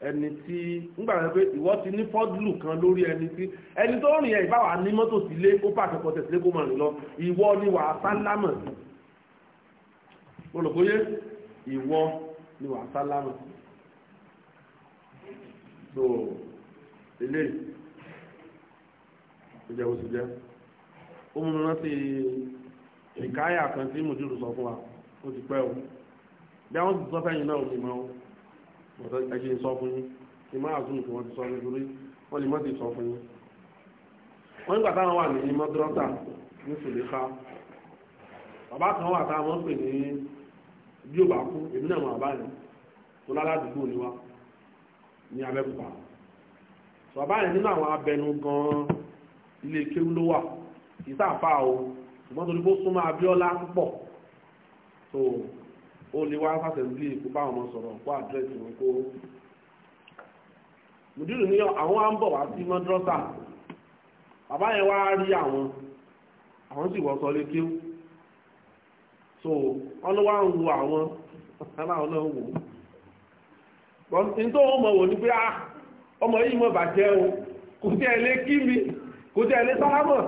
ẹni tí ńgbà wọn pé ìwọ ti ní fọdùlù kan lórí ẹni tí ẹni tó rìn ẹ ìbáwá ní mọ́tò sílé kó pàṣẹpọ̀ tẹ̀sílé kó mọ̀ rìn lọ ìwọ ni wàá sálámà sí mo rò bóyá ìwọ ni wàá sálámà sí so eléyìí ó jẹ́ bó ti jẹ́ ó mú mi rántí ìkáyà kan tí mòjúlù sọ fún wa ó ti pẹ́ o bí àwọn ti sọ fẹ́yìn náà ò ní mọ́ o ẹ ṣe sọ fún yín ìmọ̀ àzùn kí wọ́n ti sọ ní torí wọ́n lè má ti sọ fún yín. wọ́n nígbà táwọn wà ní mọ́dúrọ́tà ní sùlẹ́ká bàbá kan wà táwọn ń pè ní bí ó bá kú èmi náà mọ̀ àbá yẹn tó láládùúgbò ni wá ní abẹ́kùpà bàbá yẹn nínú àwọn abẹnú gan-an ilé kéwú ló wà kì í sáà fà o ṣùgbọ́n torí bó súnmọ́ Abíọ́lá púpọ̀ tó. So, ó lè wá fásẹ̀mílì kó bá wọn sọ̀rọ̀ kó àdírẹ́sì wọn kó. mùdírù ní àwọn á ń bọ̀ wá sí mọ́dúrọ́sà bàbá yẹn wá rí àwọn àwọn sì sọ so wọ́n ló wá ń wo àwọn aláwọ̀ náà wò ó. nítorí wọn mọ̀ wò ni pé ah, ọmọ yìí mọ̀ bàjẹ́ o kò tẹ́ ẹ lé kí mi kò tẹ́ ẹ lé sálámọ̀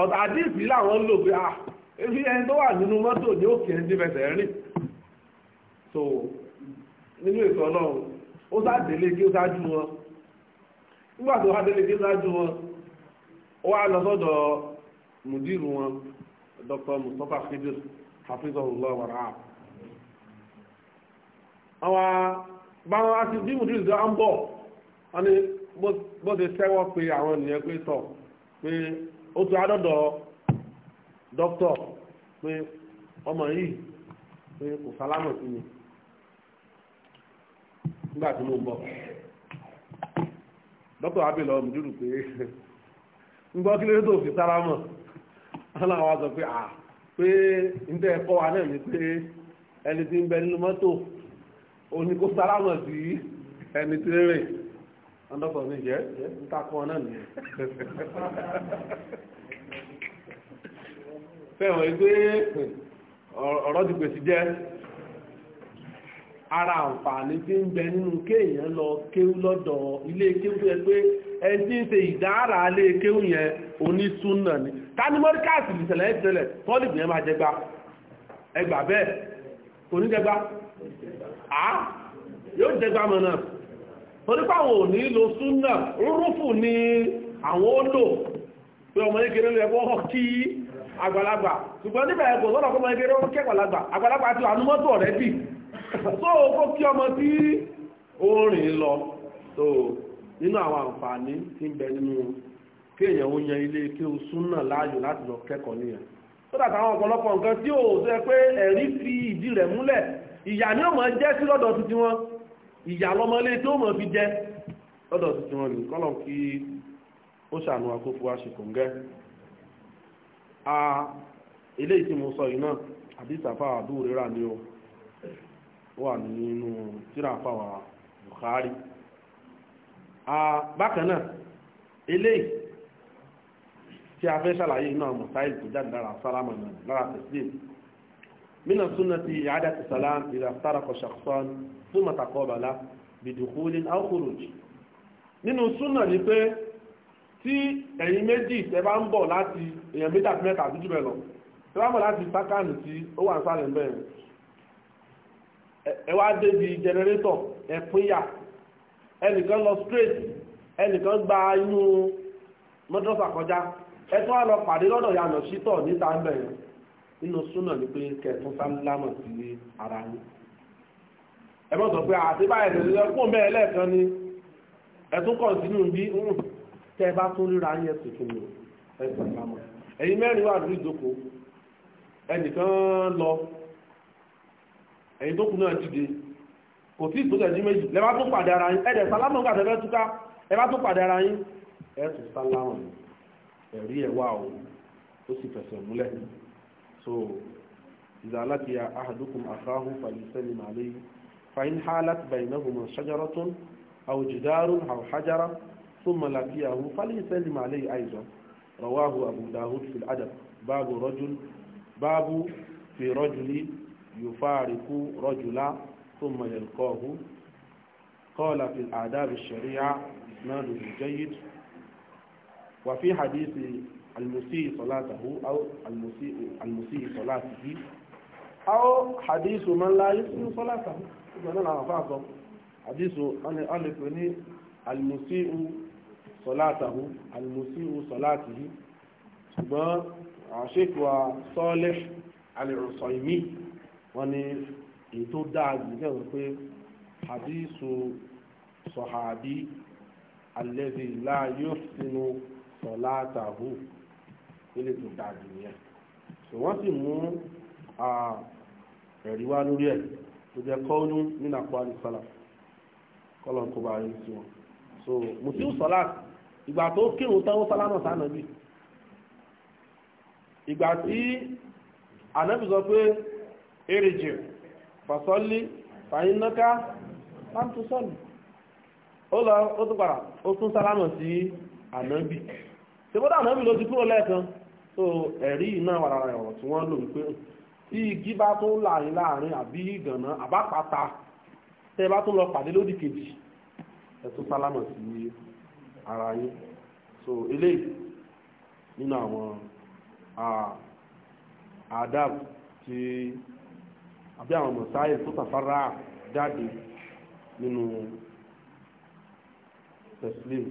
ọ̀tà àdìsí làwọn lò pé ah, ebi ẹni tó wà nínú mọ́tò ní òkè ẹni fẹsẹ̀ rìn so nínú ètò ọlọ́run ó sá délé kí ó ṣáájú wọn nígbà tó wá délé kí ó wọn ó wá lọ sọ́dọ̀ mùdírù wọn Dr. Mustapha Khidir hafizahullah wàrà àwọn báwọn àti bí mùdírù sọ ń bọ̀ wọn ni bó ti tẹ́wọ́ pé àwọn ènìyàn pé tọ̀ pé ó tún adọ́dọ̀ dókítọ̀ pé ọmọ yìí pé kò sálámọ̀ sí mi. nígbà tí mo ń bọ̀ dọ́tọ̀ abilọ̀ mùdúrù pé ń gbọ́ kí ló tó fi sára mọ̀ aláwa sọ pé à pé ń tẹ́ ẹ̀kọ́ wa náà ni pé ẹni tí ń bẹ nínú mọ́tò òní kó sára mọ̀ sí ẹni tí ń rìn ọdọ́tọ̀ ní jẹ́ ń takọ́ náà nìyẹn fẹ́ràn ẹgbẹ́ ọ̀rọ̀ ti pèsè jẹ́ ara àǹfààní tí ń nínú kéèyàn lọ kéwú lọ́dọ̀ ilé kéwú yẹn pé ẹni tí ń ṣe ìdára ilé kéwú yẹn onísúnà ni tani mọ́ríkàsì ìṣẹ̀lẹ̀ ìṣẹ̀lẹ̀ tọ́lìbù yẹn máa jẹgba ẹgbà bẹ́ẹ̀ oníjẹgba á yóò jẹgba lo súnà rúrúfù ni àwọn ó lò pé ọmọ kékeré lè wọ́ kí àgbàlagbà ṣùgbọ́n níbẹ̀ ẹ̀kọ́ lọ́dọ̀ kọ́mọ kékeré ó kẹ́kọ̀ọ́ àgbàlagbà àti ọ̀rẹ́dì so kó kí ọmọ tí ó rìn lọ so nínú àwọn àǹfààní tí ń bẹ nínú kéèyàn ó yan ilé kí o súnà láàyò láti lọ kẹ́kọ̀ọ́ nìyẹn tó dàtà àwọn ọ̀pọ̀lọpọ̀ nǹkan tí ò sọ pé ẹ̀rí fi ìdí rẹ̀ múlẹ̀ ìyà ni ó mọ̀ jẹ́ sí lọ́dọ̀ títí wọn ìyà lọmọlé tó mọ̀ fi jẹ́ lọ́dọ̀ títí wọn ní kọ́lọ̀ kí ó ṣàánú akófó aṣèkòǹgẹ́ a ah, eléyìí tí mo sọ yìí náà àbí sàfà àdúrà ní o wà nínú tírafàwà Bukhari bákan náà eléyìí tí a fẹ́ ṣàlàyé iná mọ̀sáìl tó jáde lára sálámà náà lára tẹ̀sílẹ̀ mina sunnati i'adati salam idha istaraqa shakhsan thumma taqabala bidukhulin aw khuruj nínú súnà ni pé tí ẹ̀yin méjì tẹ́ bá ń bọ̀ láti èèyàn méjì àti mẹ́ta àdújú bẹ̀ lọ tẹ́ bá ń bọ̀ láti sákàánì tí ó wà ń sálẹ̀ bẹ́ẹ̀ ẹ wá débi jẹnẹrétọ̀ ẹnìkan lọ straight ẹnìkan gba inú mọ́tòsà kọjá ẹ tún wá lọ pàdé lọ́dọ̀ yànnà sítọ̀ níta ń bẹ̀rẹ̀ nínú súnà ní pé kẹtún sálámà sí ara yín ẹ mọ̀ sọ pé àti lè lọ fún bá tún ríra lọ ẹ̀yin tó kù náà dìde kò tí ìtòkẹ̀ sí méjì lẹ́bá tó pàdé ara yín ẹ̀dẹ̀ sálámù nígbà tẹ́fẹ́ túká ẹ̀bá tó pàdé ara yín ẹ̀tù sálámù ẹ̀rí ẹ̀wà o ó sì fẹsẹ̀ múlẹ̀ so ìzà alákìyà ahadukum akhahu fàlìsẹ́lì màlẹ́ fàyín halat bainahuma shajaratun aw jidarun aw hajara thumma laqiyahu fàlìsẹ́lì màlẹ́ àìsàn rawahu abu dawud fil adab báàbù rọ́jùl báàbù fi يفارق rajula ثم يلقاه قال في الآداب الشريعة إسناده جيد وفي حديث المسيء صلاته أو المسيء, المسيء صلاته أو حديث من لا يحسن صلاته إذن أنا أفاكم حديث أنا ألفني المسيء صلاته المسيء صلاته ثم عشق وصالح العصيمي wọ́n ní èyí tó dáa jù ní ẹ̀rọ pé hadithu sọ̀hábí alladhi la yuhsinu salatahu nílé tó dáa jù ní ẹ̀ so wọ́n sì mú ẹ̀rí wá lórí ẹ̀ tó jẹ́ kọ́ọ́nù nínú àpò àdìsálà kọ́lọ̀ kó bá rí sí wọn so mùsíù sọ́lá ìgbà tó kírun tán ó sálámà sánàbì ìgbà tí ànábì sọ pé èrìjì fàṣọ́lì fàyínnáká láǹtúsọ́lì ó lọ ó tún padà ó tún sálámà sí ànábì ṣèbọ́dà ànábì ló ti kúrò lẹ́ẹ̀kan tó ẹ̀rí náà wà lára ọ̀rọ̀ tí wọ́n lò wípé tí igi bá tún láàrin láàrin àbí ìgànná àbápàta tẹ́ bá tún lọ pàdé lódì kejì ẹ tún sálámà ara yín so eléyìí nínú àwọn àdáàbò tí àbí àwọn mọ̀sáyẹ̀ tó tàfárá jáde nínú tẹ̀sílẹ̀.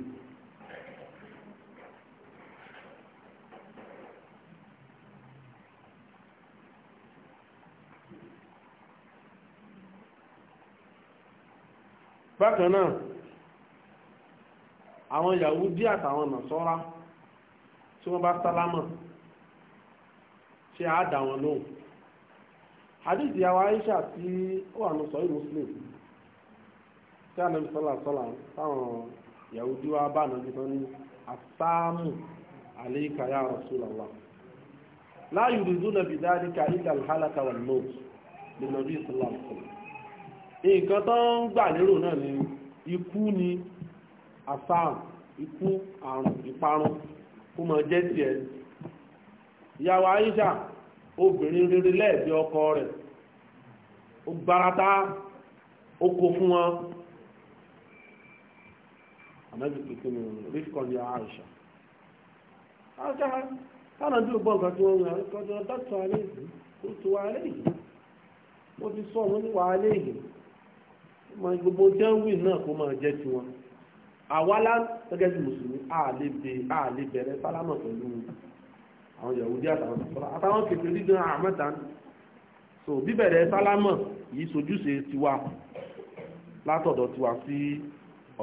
bákan náà àwọn Yahudi àtàwọn Nasara tí wọ́n bá sálámà ṣe àádà wọn lóhùn àdìsí àwọn aisha tí ó wà ní sọ́yìn muslim tí a nàbí sọ́là sọ́là táwọn yahudi wa bá nàbí sọ ní asáàmù àléékà ya rasulallah láàyè rìdú nàbí dáadé ká ilẹ̀ alhálàkà wà lóòtù lè nàbí sọ́là sọ́là nǹkan tó ń gbà lérò náà ni ikú ni asáàmù ikú àrùn ìparun kó mọ jẹ́ tiẹ̀ ìyàwó aisha obìnrin rere lẹ́ẹ̀bí ọkọ rẹ̀ ó gbarata ó kó fún wọn àmẹ́bí pípé ní rífkàn ní àìṣà àìṣà tánà bí ògbọ́n nǹkan tí wọ́n rìn àríkọ́ jọ dátọ̀ alẹ́ yìí ó ti wá alẹ́ yìí mo ti sọ ọmọ alẹ́ gbogbo jẹ́wì náà àwọn yahudi àtàwọn sọ́lá àtàwọn kèfè dídán àmẹ́ta so bíbẹ̀rẹ̀ sálámọ̀ yìí sojúṣe tiwa látọ̀dọ̀ tiwa sí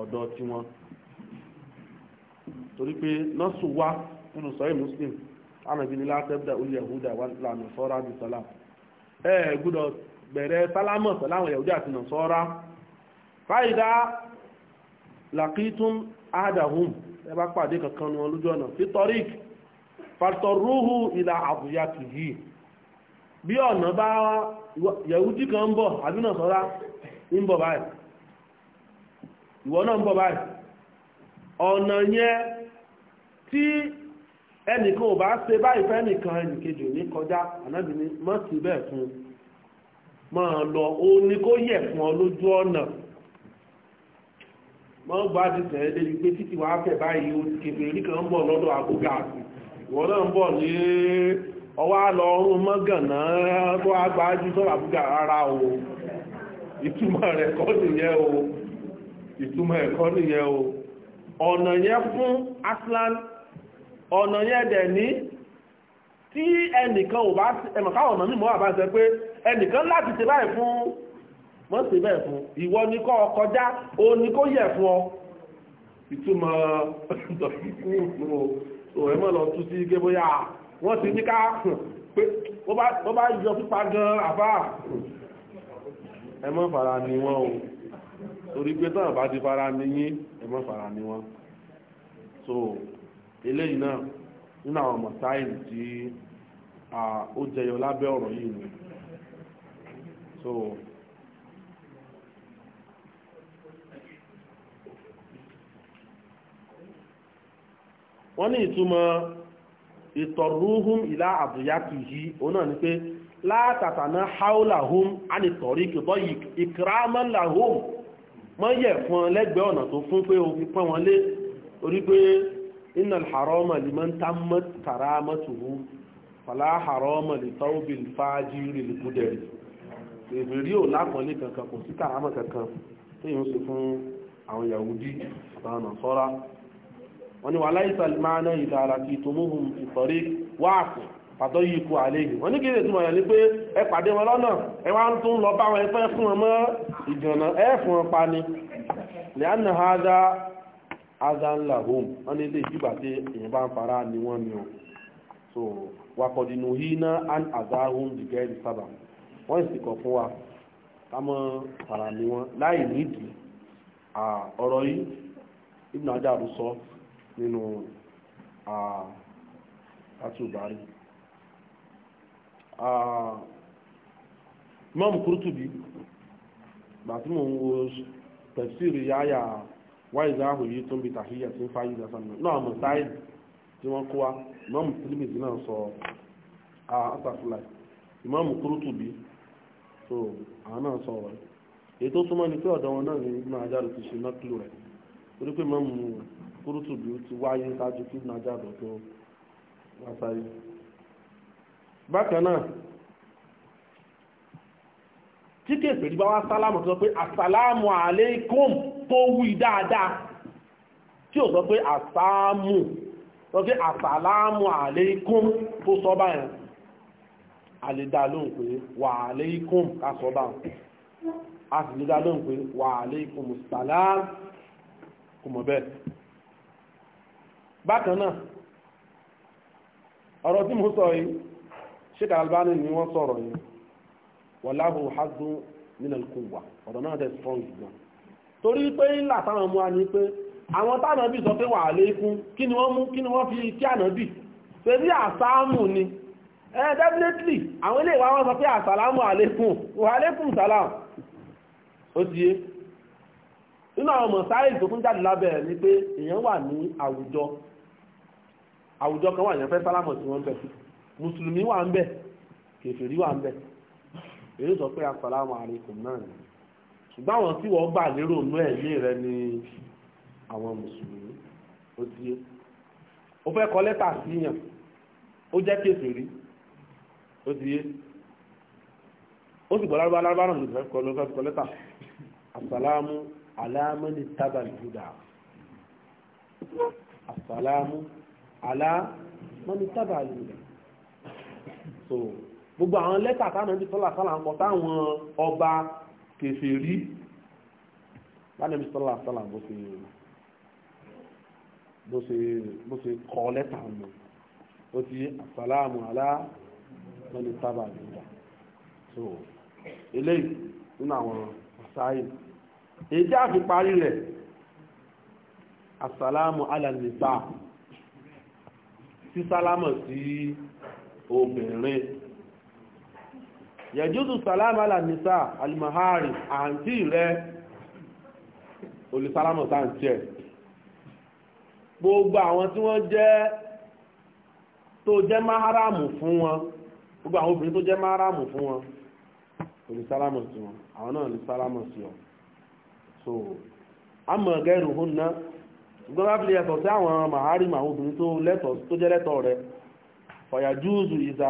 ọ̀dọ̀ tiwọn torí pé nọ́ọ̀sù wá nínú sọ́yìn muslim ánàbíní látẹ́bdà olè yahuda wà lànà sọ́ra bí sọ́lá ẹ gbọ́dọ̀ bẹ̀rẹ̀ sálámọ̀ pẹ̀lú àwọn yahudi àti nàṣọ́ra fáìdá làkítún ádàhùn ẹ bá pàdé kankan wọn lójú ọ̀nà fi tọ́ríkì fàtọ̀rúhù ìlà àbúyà yìí bí ọ̀nà bá yẹ̀wújí kan ń bọ̀ àbínà sọ́lá ń bọ̀ báyìí náà ń bọ̀ báyìí ọ̀nà yẹn tí ẹnìkan ò bá ṣe báyìí fẹ́ nìkan ẹnìkejì ní kọjá ànábì ní mọ́ sí bẹ́ẹ̀ fún lọ ó ní kó yẹ̀ fún ọ lójú ọ̀nà mọ́ gbádùn tẹ̀lé pé títí wàá fẹ̀ báyìí ó ti kèfèrí kan ń bọ̀ lọ́dọ̀ àbúgà àti wọ́n náà ń bọ̀ ní ọwọ́ ọrụ ọrún mọ́gànná tó agbájú tó àbúgà ara o ìtumọ̀ rẹ̀ kọ́ o o ọ̀nà yẹn fún aslan ọ̀nà yẹn dẹ̀ ní tí ẹnìkan ò bá ọ̀nà mímọ́ àbá ṣe pé ẹnìkan láti ṣe báyìí fún bẹ́ẹ̀ o ni kó fún ọ ìtumọ̀ so ẹ mọ̀ lọ tú sí ike bóyá wọ́n ti ní ká pé wọ́n bá yọ pípa gan àbá ẹ mọ̀ fara ni wọ́n o torí pé tán bá ti fara ni yín ẹ mọ̀ fara ni wọ́n so eléyìí náà nínú àwọn mọ̀sáìlì tí ó jẹyọ lábẹ́ ọ̀rọ̀ yìí ni so wọ́n ní ìtumọ̀ ìtọ̀rúhùn ìlà àbúyákìhì òun náà ni pé látàtàná haúláhùn ánìtọ̀rí kìbọ́ ìkìrámọ́láhùn mọ́ yẹ̀ fún ọ lẹ́gbẹ̀ẹ́ ọ̀nà tó fún pé o fi pọ́n wọn lé orí pé iná àrọ́mọ̀ lè mọ́ tá mọ́ tàrá mọ́tòhù fàlá àrọ́mọ̀ lè tọ́ bí fàájì rè lè kúdẹ̀rì èmi rí ò àwọn Yahudi àtàwọn nàṣọ́ra wọ́n ní wà láìsàlì máa náà ìdára kí tòmóhùn ìtọ̀rí wáàfù pàtọ́ yìí kú àléyìn wọ́n ní kí èsì wọ̀nyàn ní pé ẹ pàdé wọn lọ́nà ẹ wá ń tún lọ bá wọn ẹfẹ́ fún ọmọ ìjọ̀nà ẹ ọpa ni lẹ́yìn àádá àádá ńlá wọ́n ní ilé ìjìgbà tí èyàn bá ń fara ni wọ́n ni ọ so wakọ̀dìnú hínà and àdá home the girl sábà wọ́n sì kọ̀ fún wa kámọ́ fara ni wọ́n láì nídìí ọ̀rọ̀ yìí ibùdó àjà àrùsọ nínú àtúbárí mọ́mù kúrútùbí bàtí mò ń wo tẹ̀síìrì yáyà wáyìzá àhùyí tó ń bi tàhíyà tí ń fa yìí lásán náà náà mọ̀ sáyẹ̀ tí wọ́n kó wa mọ́mù tìlímìtì náà sọ àtàkùlà ìmọ̀mù kúrútùbí so àwọn náà sọ ọ̀rọ̀ èyí tó súnmọ́ ni pé ọ̀dọ̀ wọn náà ní Ibn Hajar ti ṣe náà kìlò rẹ̀ torí pé mọ́mù kúrútùbí ó ti wáyé ṣáájú kí nàjàdù tó wá sáyé bákan náà tí kèfèrí bá wá sálámù tó sọ pé àsàlámù àlékùm tó wí dáadáa tí ò sọ pé àsámù sọ pé àsàlámù àlékùm tó sọ báyẹn àlèdá lóhùn pé wà àlékùm ká sọ báyẹn a lóhùn pé wà àlékùm sàlám kò mọ̀ bẹ́ẹ̀ bákan náà ọ̀rọ̀ tí mo sọ yìí Sheikh Albani ni wọ́n sọ̀rọ̀ yìí wàláhù hazun nínú ìkúwà ọ̀rọ̀ náà dẹ̀ strong gan torí pé ńlá táwọn mú a ní pé àwọn tánàbì sọ pé wà á lékún kí ni wọ́n mú kí ni wọ́n fi kí ànàbì ṣe bí àsáàmù ni ẹ eh, definitely àwọn ilé ìwà wọn sọ pé àsàlámù àlékún wà àlékún sàlám ó ti yé nínú àwọn mọ̀sáìlì tó kún jáde lábẹ́ ni pé èèyàn wà ní àwùjọ àwùjọ kan wà yẹn fẹ́ sálámọ̀ tí wọ́n ń bẹ̀ mùsùlùmí wà ń bẹ̀ kèfèrí wà ń bẹ̀ èyí sọ pé asàlámù àríkùn náà ni ṣùgbọ́n àwọn tí wọ́n gbà lérò inú ẹ̀mí rẹ ni àwọn mùsùlùmí ó ti yé ó fẹ́ kọ lẹ́tà sí yàn ó jẹ́ kèfèrí ó ti yé ó sì gbọ́ lárúbá lárúbá náà ló fẹ́ kọ ló fẹ́ kọ lẹ́tà asàlámù aláàmúni tábàlì júdà asàlámù àlá mọ́ni tábà lùdà so gbogbo àwọn lẹ́tà táwọn ibi tọ́lá sálà ń kọ táwọn ọba kèsè rí láti ibi tọ́lá sálà bó ṣe bó ṣe bó ṣe kọ lẹ́tà mọ́ ó ti àsálàmù àlá mọ́ni tábà lùdà so eléyìí nínú àwọn ọ̀sáyìn èyí tí a fi parí rẹ̀ àsálàmù alàlùfáà sísálámọ̀ sí obìnrin yẹjúdù sálámà lànìsà alimahari àǹtí rẹ olùsálámọ̀ sáǹtí ẹ̀ gbogbo àwọn tí wọ́n jẹ́ tó jẹ́ máháràmù fún wọn gbogbo àwọn obìnrin tó jẹ́ máháràmù fún wọn olùsálámọ̀ sí wọn àwọn náà olùsálámọ̀ sí ọ so àmọ̀ gẹ́rù hún náà gbọ́dọ̀ fi ẹ̀tọ̀ sí àwọn màhárìmù àwọn obìnrin tó lẹ́tọ̀ tó jẹ́ lẹ́tọ̀ rẹ̀ ọ̀yà ìzà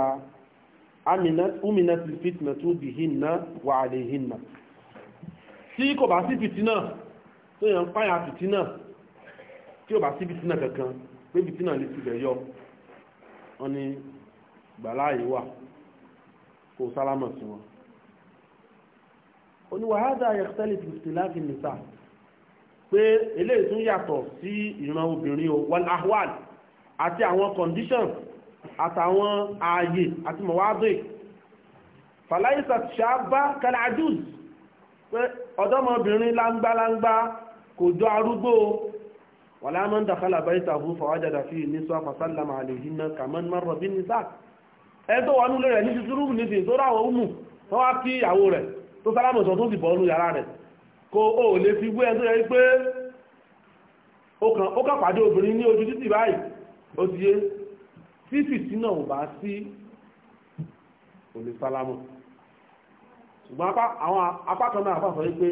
aminat fitna tó bì hinna wà àlè hinna tí kò bá sí fìtínà tó yàn páyà fìtínà tí ò bá sí fìtínà kankan pé fìtínà lè tibẹ̀ yọ wọn ni gbàláyé wà kò sálámà sí wọn oníwàhádà yẹ pé eléyìí tún yàtọ̀ sí ìran obìnrin o wal ahwal àti àwọn condition àtàwọn ààyè àti mọ̀wádìí fàláìsà ṣàbá kalajus pé ọ̀dọ́mọbìnrin láńgbáláńgbá kò jọ arúgbó wàlá man dakhala baytahu fawajada fihi nisa fasallama alayhinna kaman marra bin nisa ẹ tó wà nílé rẹ̀ ní ti túrú ní ti tó ráwọ̀ ọmú wọ́n wá kí ìyàwó rẹ̀ tó sálámọ̀sọ̀ tó sì bọ́ ọ́nú yàrá rẹ̀ kò o lè fi wé ẹ̀tọ́ yẹ pé ó kàn pàdé obìnrin ní ojú títì báyìí ó ti yé tí fìtí náà ò bá sí òní sálámù ṣùgbọ́n àwọn apá kan náà àpapọ̀ yí pé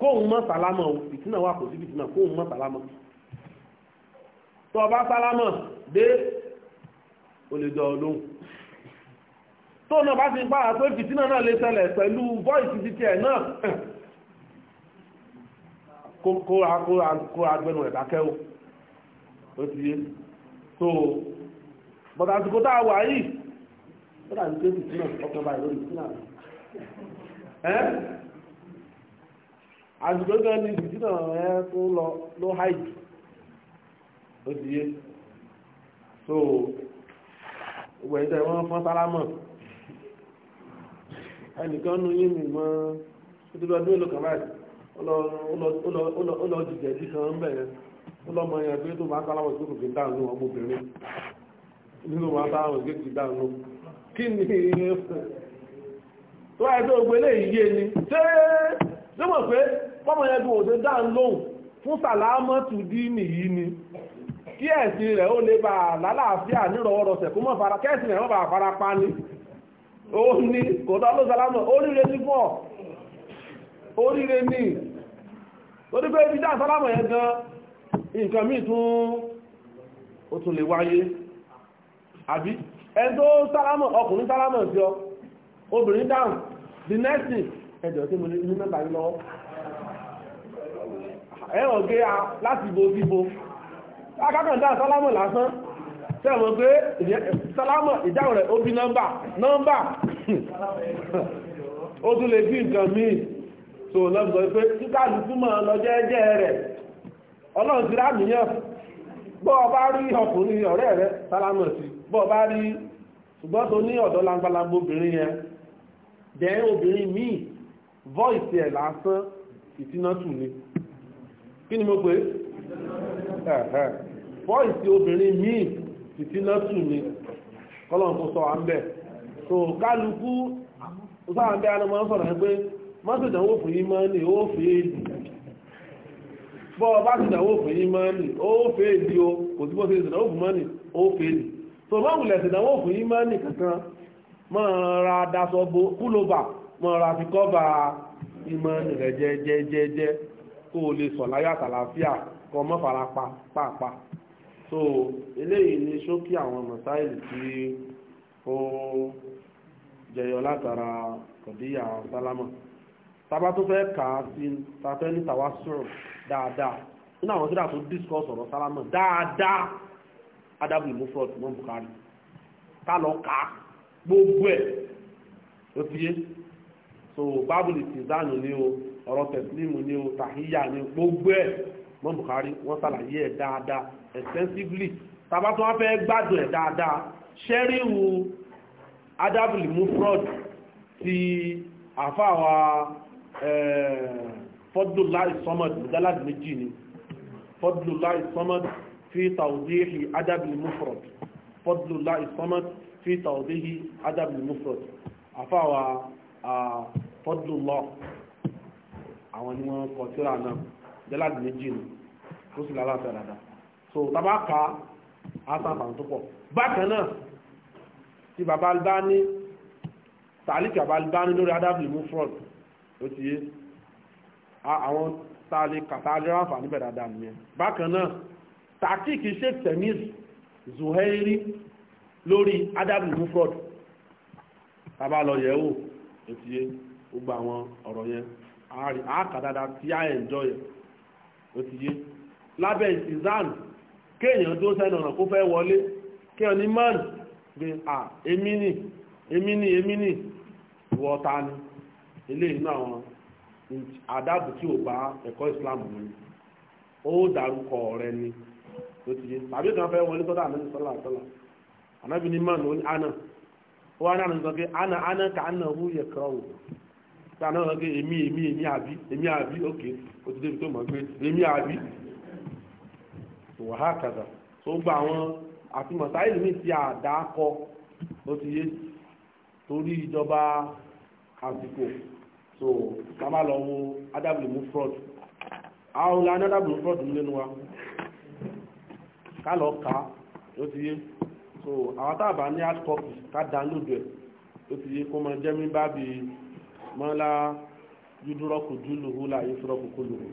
kóhun mọ́ sálámù fìtí náà wà kò sí fìtí náà kóhun mọ́ sálámù tó o bá sálámù dé o lè dọ̀ ọlọ́hun tó náà bá ti ń pààrà pé fìtí náà lè ṣẹlẹ̀ pẹ̀lú voice títí ẹ̀ náà kó agbẹnu rẹ̀ dákẹ́ o ó ti yé so bọ̀dà àsìkò tá a wà yìí ó dàbí pé ti sínà ọkọ̀ báyìí lórí sínà ẹ́ àsìkò tó ní ìsìnà ẹ tó lọ ló háìdì ó ti yé so ìwẹ̀ ìtẹ̀ wọ́n fọ́n sálámọ̀ ẹnìkan nu yín mi mọ́ títí lọ́dún èlò kan báyìí ó lọ jìjẹ́ bí kan ń bẹ̀rẹ̀ ó lọ́mọ yẹn pé tó máa káláwọ̀ tó kò fi dáhùn ló ọmọbìnrin nínú máa káláwọ̀ tó kò fi dáhùn ló kí ni tó wáyé tó gbélé ìyé ni ṣé ṣé mọ̀ pé fọ́mọ yẹn gbọ́n òṣè dáhùn lóhùn fún sàlámọ́ tù dí nìyí ni kí ẹ̀sìn rẹ̀ ó lè bá lálàáfíà nírọ̀wọ́rọ̀sẹ̀ kó mọ̀ fara kẹ́sìn rẹ̀ wọ́n bá fara pa ni ó ní kò dá ló sàlámọ̀ ó rí oríire ní torí pé ibi já sálámù yẹn gan nǹkan míì tún ó tún lè wáyé àbí ẹni tó sálámù ọkùnrin sálámù sí ọ obìnrin dáhùn the next thing ẹjọ́ tí mo ní nọ́mbà yìí lọ́wọ́ ẹ̀wọ̀n gé a láti bo síbo akákan dá sálámù lásán tẹ́wọ̀n pé sálámù ìdáhùn rẹ̀ ó bí nọ́mbà nọ́mbà ó tún lè fi nǹkan míì tó lọ́gbọ̀ pé kíkàlù túmọ̀ lọ rẹ̀ ọlọ́run ti bọ́ ọ rí ọkùnrin ọ̀rẹ́ rẹ̀ sálámọ̀ sí bọ́ ọ rí ṣùgbọ́n tó ní ọ̀dọ́ langbalangbo obìnrin yẹn dẹ̀ obìnrin míì voice ẹ̀ lásán ni kí ni mo pè é voice obìnrin míì ìtinátù ni kọ́lọ́n sọ ń bẹ̀ so kálukú ń sọ̀rọ̀ mọ́sùdánwò fún ìmọ́ni ó fèèdì bọ́ bá sùdánwò fún ìmọ́ni ó fèèdì o kò tí bọ́ sí ìsìdánwò fún mọ́ni ó fèèdì so mọ́wùlẹ̀ ìsìdánwò fún ìmọ́ni kankan mọ́ra dasọ́bó kúlóbà mọ́ra fi kọ́bà ìmọ́ni rẹ̀ jẹ́jẹ́jẹ́jẹ́ kó o lè sọ̀ láyọ̀ àtàlàáfíà kọ́ mọ́ fara pa so eléyìí ni ṣókí àwọn mọ̀sáìlì tí ó jẹyọ látara kọ̀díyà sálámà tàbá tó fẹ́ kà á sí tàfẹ́ ní tàwa sọ̀rọ̀ dáadáa nínú àwọn tíra tó discuss ọ̀rọ̀ sálámà dáadáa adabu imufrod mọ́ bukari ká lọ kà á gbogbo ẹ̀ ló fi yé so bábùlì tìzánù ni o ọ̀rọ̀ tẹ̀sílímù ni o tàhíyà ni gbogbo ẹ̀ mọ́ bukari wọ́n ṣàlàyé ẹ̀ dáadáa extensively tàbá tó wọ́n fẹ́ gbádùn ẹ̀ dáadáa ṣẹ́ríwù adabu imufrod ti àfáà wa. Eh, fọ́dúláì sọ́mọ̀dù mùjálàdì méjì ni fọ́dúláì sọ́mọ̀dù fi tàwùdíhì adábìlì mufrad fọ́dúláì sọ́mọ̀dù fi tàwùdíhì adábìlì mufrad àfáwà fọ́dúlọ́ àwọn ni wọ́n kọ síra náà mùjálàdì méjì ni tó sì lára fẹ́ràn so tabaka asanfàní tó pọ̀ bákan náà tí baba Albani tàlíkì baba Albani lórí adábìlì mufrad ó ti yé àwọn tààlé kàtàlẹ́ àǹfààní bẹ̀rẹ̀ dáadáa nìyẹn bákan náà tàkìkì sheikh temiz zuhairi lórí adabu mufrod tàbá lọ yẹ̀ wò ó ti yé gbogbo àwọn ọ̀rọ̀ yẹn àákàdáadáa tí a enjoy yẹ ó ti yé lábẹ́ ìsìnzán kéèyàn tó sẹ́nu ọ̀nà kó fẹ́ wọlé kéèyàn ní mọ́ọ̀nù gbé à èmi ni èmi ni èmi ni wọ́ta ni eléyìí náà àwọn àdáàbò tí o bá ẹ̀kọ́ Islam mu ó dárúkọ rẹ ni ló ti yé tàbí kan fẹ́ wọlé sọ́dọ̀ àmì sọ́lá àtọ́lá ànábì ní mọ́ọ̀nù ní àná ó wá náà sọ pé àná àná kà àná hu yẹ kọ́ ò tí àná sọ pé èmi èmi èmi àbí èmi àbí ó ti débi tó mọ̀ pé èmi àbí wàhálà kàdà tó gba àwọn àfihàn kọ ó ti torí ìjọba àsìkò so ká má lọ wo adábìlì mú fraud àwọn olè adábìlì fraud mú lẹ́nu wa ká lọ kà á ló ti yé so àwọn táàbà ní hard copy ká download ẹ̀ ló ti yé kó mọ jẹ́mí bá bi mọ́lá yúdúrọ́kù júlùú la yúdúrọ́kù kúlùú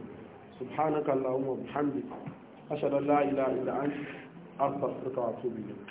subhanaka allahumma bihamdik ashhadu an la ilaha illa anta astaghfiruka wa atubu